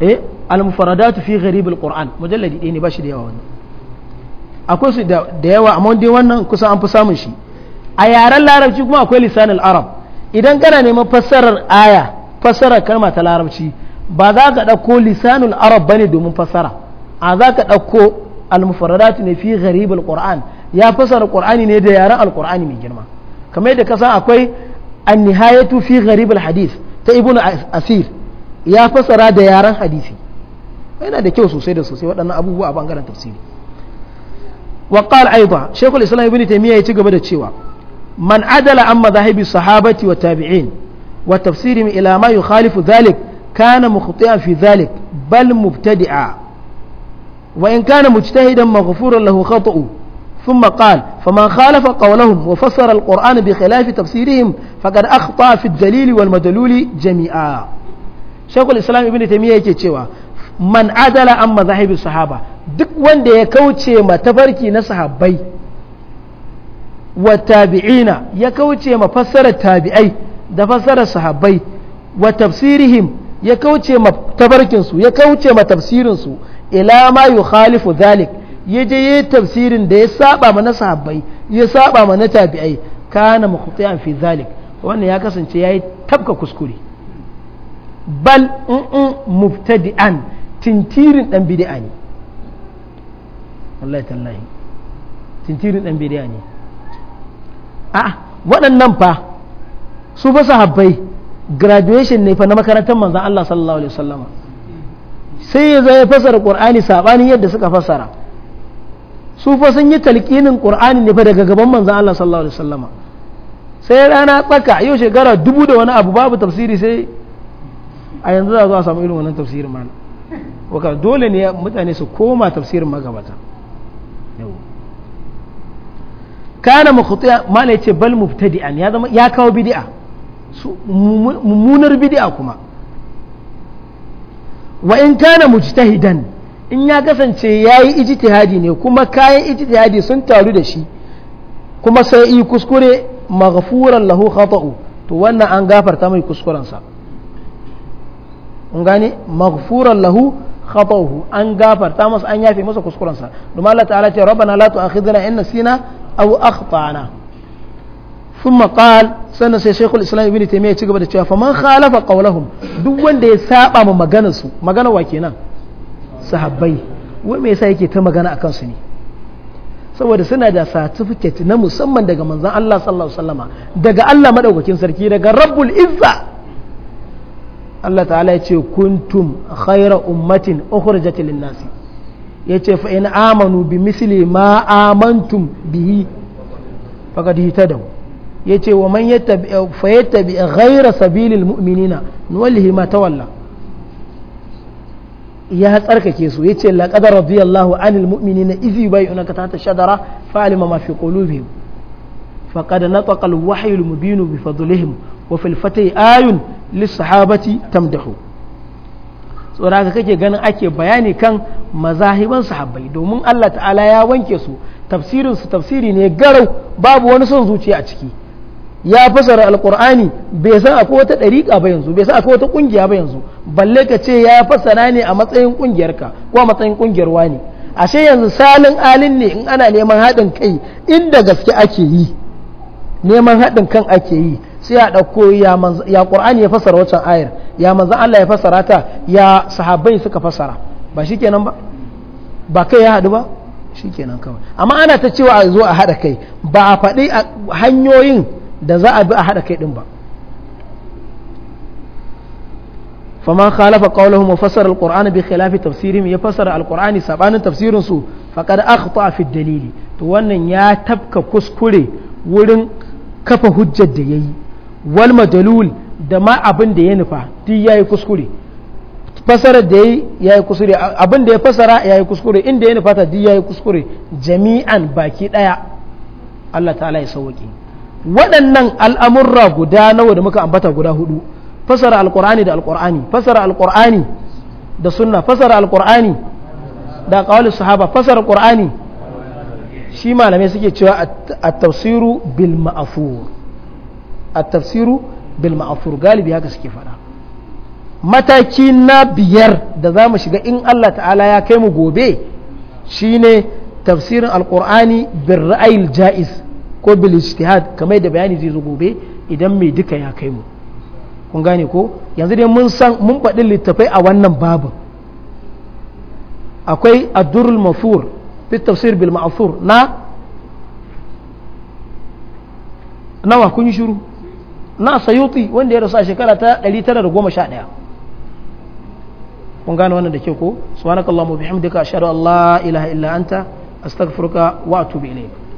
eh al-mufaradatu fi gharib al-qur'an mujalladi ɗaya ne ba shi da yawa wannan akwai su da yawa amma dai wannan kusa an fi samun shi a yaren larabci kuma akwai lisan al-arab idan kana neman fassarar aya fassarar kalma ta larabci ba za ka ɗauko lisanul arab bane domin fassara a za ka ɗauko al-mufaradatu ne fi gharib al-qur'an ya fassara qur'ani ne da yaren al-qur'ani mai girma kamar yadda ka san akwai an-nihayatu fi gharib al-hadith ta ibnu asir ya fassara da yaran hadisi yana da kyau sosai da sosai waɗannan abubuwa a bangaren tafsiri wa qal aiba shaykhul islam ibn ya ci gaba da cewa man adala an madhahibi sahabati wa tabi'in wa tafsirin ilama ma yukhalifu zalik kana mukhti'an fi dhalik bal mubtadi'a wa in kana mujtahidan maghfuran lahu khata'u ثم قال فمن خالف قولهم وفسر القرآن بخلاف تفسيرهم فقد أخطأ في الدليل والمدلول جميعا shekul islam ibn taimiyya yake cewa man adala an mazahibi sahaba duk wanda ya kauce ma tafarki na sahabbai wa tabi'ina ya kauce ma fassarar tabi'ai da fassarar sahabbai wa tafsirihim ya kauce ma tabarkinsu ya kauce ma tafsirinsu ila ma yukhalifu zalik ya je yi tafsirin da ya saba ma na sahabbai ya saba ma na tabi'ai kana mukhtiyan fi zalik wannan ya kasance yayi tabka kuskure bal in mm, mm, mubtadi'an tintirin dan bid'a ne wallahi tallahi tintirin dan bid'a ne a waɗannan fa su fa sahabbai graduation ne fa na makarantar manzon Allah sallallahu alaihi wasallama sai ya zai fasara qur'ani sabanin yadda suka fasara su fa sun yi talqinin qur'ani ne fa daga gaban manzon Allah sallallahu alaihi wasallama sai rana tsaka yau shekara dubu da wani abu babu tafsiri sai a yanzu za a samu irin wannan tafsirin malam waka dole ne mutane su koma tafsirin magabata kana mukhtiya mala yace bal mubtadi'an ya zama ya kawo bid'a mummunar bid'a kuma wa in kana mujtahidan in ya kasance yayi ijtihadi ne kuma kayan ijtihadi sun taru da shi kuma sai yi kuskure maghfuran lahu khata'u to wannan an gafarta mai kuskurensa sa kun gane magfuran lahu khatahu an gafarta masa an yafe masa kuskuren sa don Allah ta'ala ce rabbana la tu'akhidhna in nasina aw akhtana thumma qal sanna sai shaykh al-islam ibn taymiyyah ci gaba da cewa fa man khalafa qawlahum duk wanda ya saba ma maganar su magana wa kenan sahabbai wai me yasa yake ta magana akan su ne saboda suna da certificate na musamman daga manzon Allah sallallahu alaihi wasallama daga Allah madaukakin sarki daga rabbul izza Allah ta'ala ya ce kuntum khaira ummatin ukhrijat lin nasi ce fa in amanu bi misli ma amantum bihi faqad ya ce wa man yattabi fa yattabi ghaira sabilil mu'minina nuwallihi ma tawalla ya tsarkake su yace laqad radiyallahu anil mu'minina izi yubay'unaka tahta shajara fa'alima ma fi qulubihim faqad nataqa al-wahyu al-mubin bi fadlihim wa fil fatih ayun lissahabati tamdahu tsoron kake ganin ake bayani kan mazahiban sahabbai domin Allah ta'ala ya wanke su tafsirin su tafsiri ne garau babu wani son zuciya a ciki ya fasara alkur'ani bai san akwai wata ɗariƙa ba yanzu bai san akwai wata ƙungiya ba yanzu balle ka ce ya fasara ne a matsayin ka ko a matsayin ƙungiyar wani ashe yanzu salin alin ne in ana neman haɗin kai inda gaske ake yi neman haɗin kan ake yi sai a ɗauko ya ƙur'ani ya fassara waccan ayar ya manzan Allah ya fassara ta ya sahabbai suka fassara ba shi kenan ba ba kai ya haɗu ba shi kenan kawai amma ana ta cewa a zo a haɗa kai ba a faɗi hanyoyin da za a bi a haɗa kai ɗin ba فمن خالف قولهم وفسر القرآن بخلاف تفسيرهم يفسر القرآن سبحان تفسير سو فقد أخطأ في الدليل تو wannan ya tabka kuskure wurin kafa hujjar da yayi wal madalul da ma abin da ya nufa ti yayi kuskure fasara da yayi kuskure abin da ya fasara yayi kuskure inda ya nufa ta di yayi kuskure jami'an baki daya Allah ta'ala ya sauke waɗannan al'amurra guda nawa da muka ambata guda hudu fasara alqur'ani da alqur'ani fasara alqur'ani da sunna fasara alqur'ani da qawli sahaba fasara alqur'ani shi malamai suke cewa at-tafsiru bil ma'fur a tafsiru bil ma'thur galibi haka suke faɗa mataki na biyar da za mu shiga in Allah ta'ala ya kai mu gobe shine tafsirin alqur'ani bin ra'ayil ja'iz ko bil ijtihad kamar da bayani zai zo gobe idan mai duka ya kai mu kun gane ko yanzu dai mun san mun faɗi littafai a wannan babin akwai addurul mafur fi tafsir bil ma'thur nawa kun shiru na sayuti wanda ya rasu a shekara ta ɗaya kun gane wannan da ke ko subhanakallahumma bihamdika ashhadu an la ilaha illa anta astaghfiruka wa atubu ilayk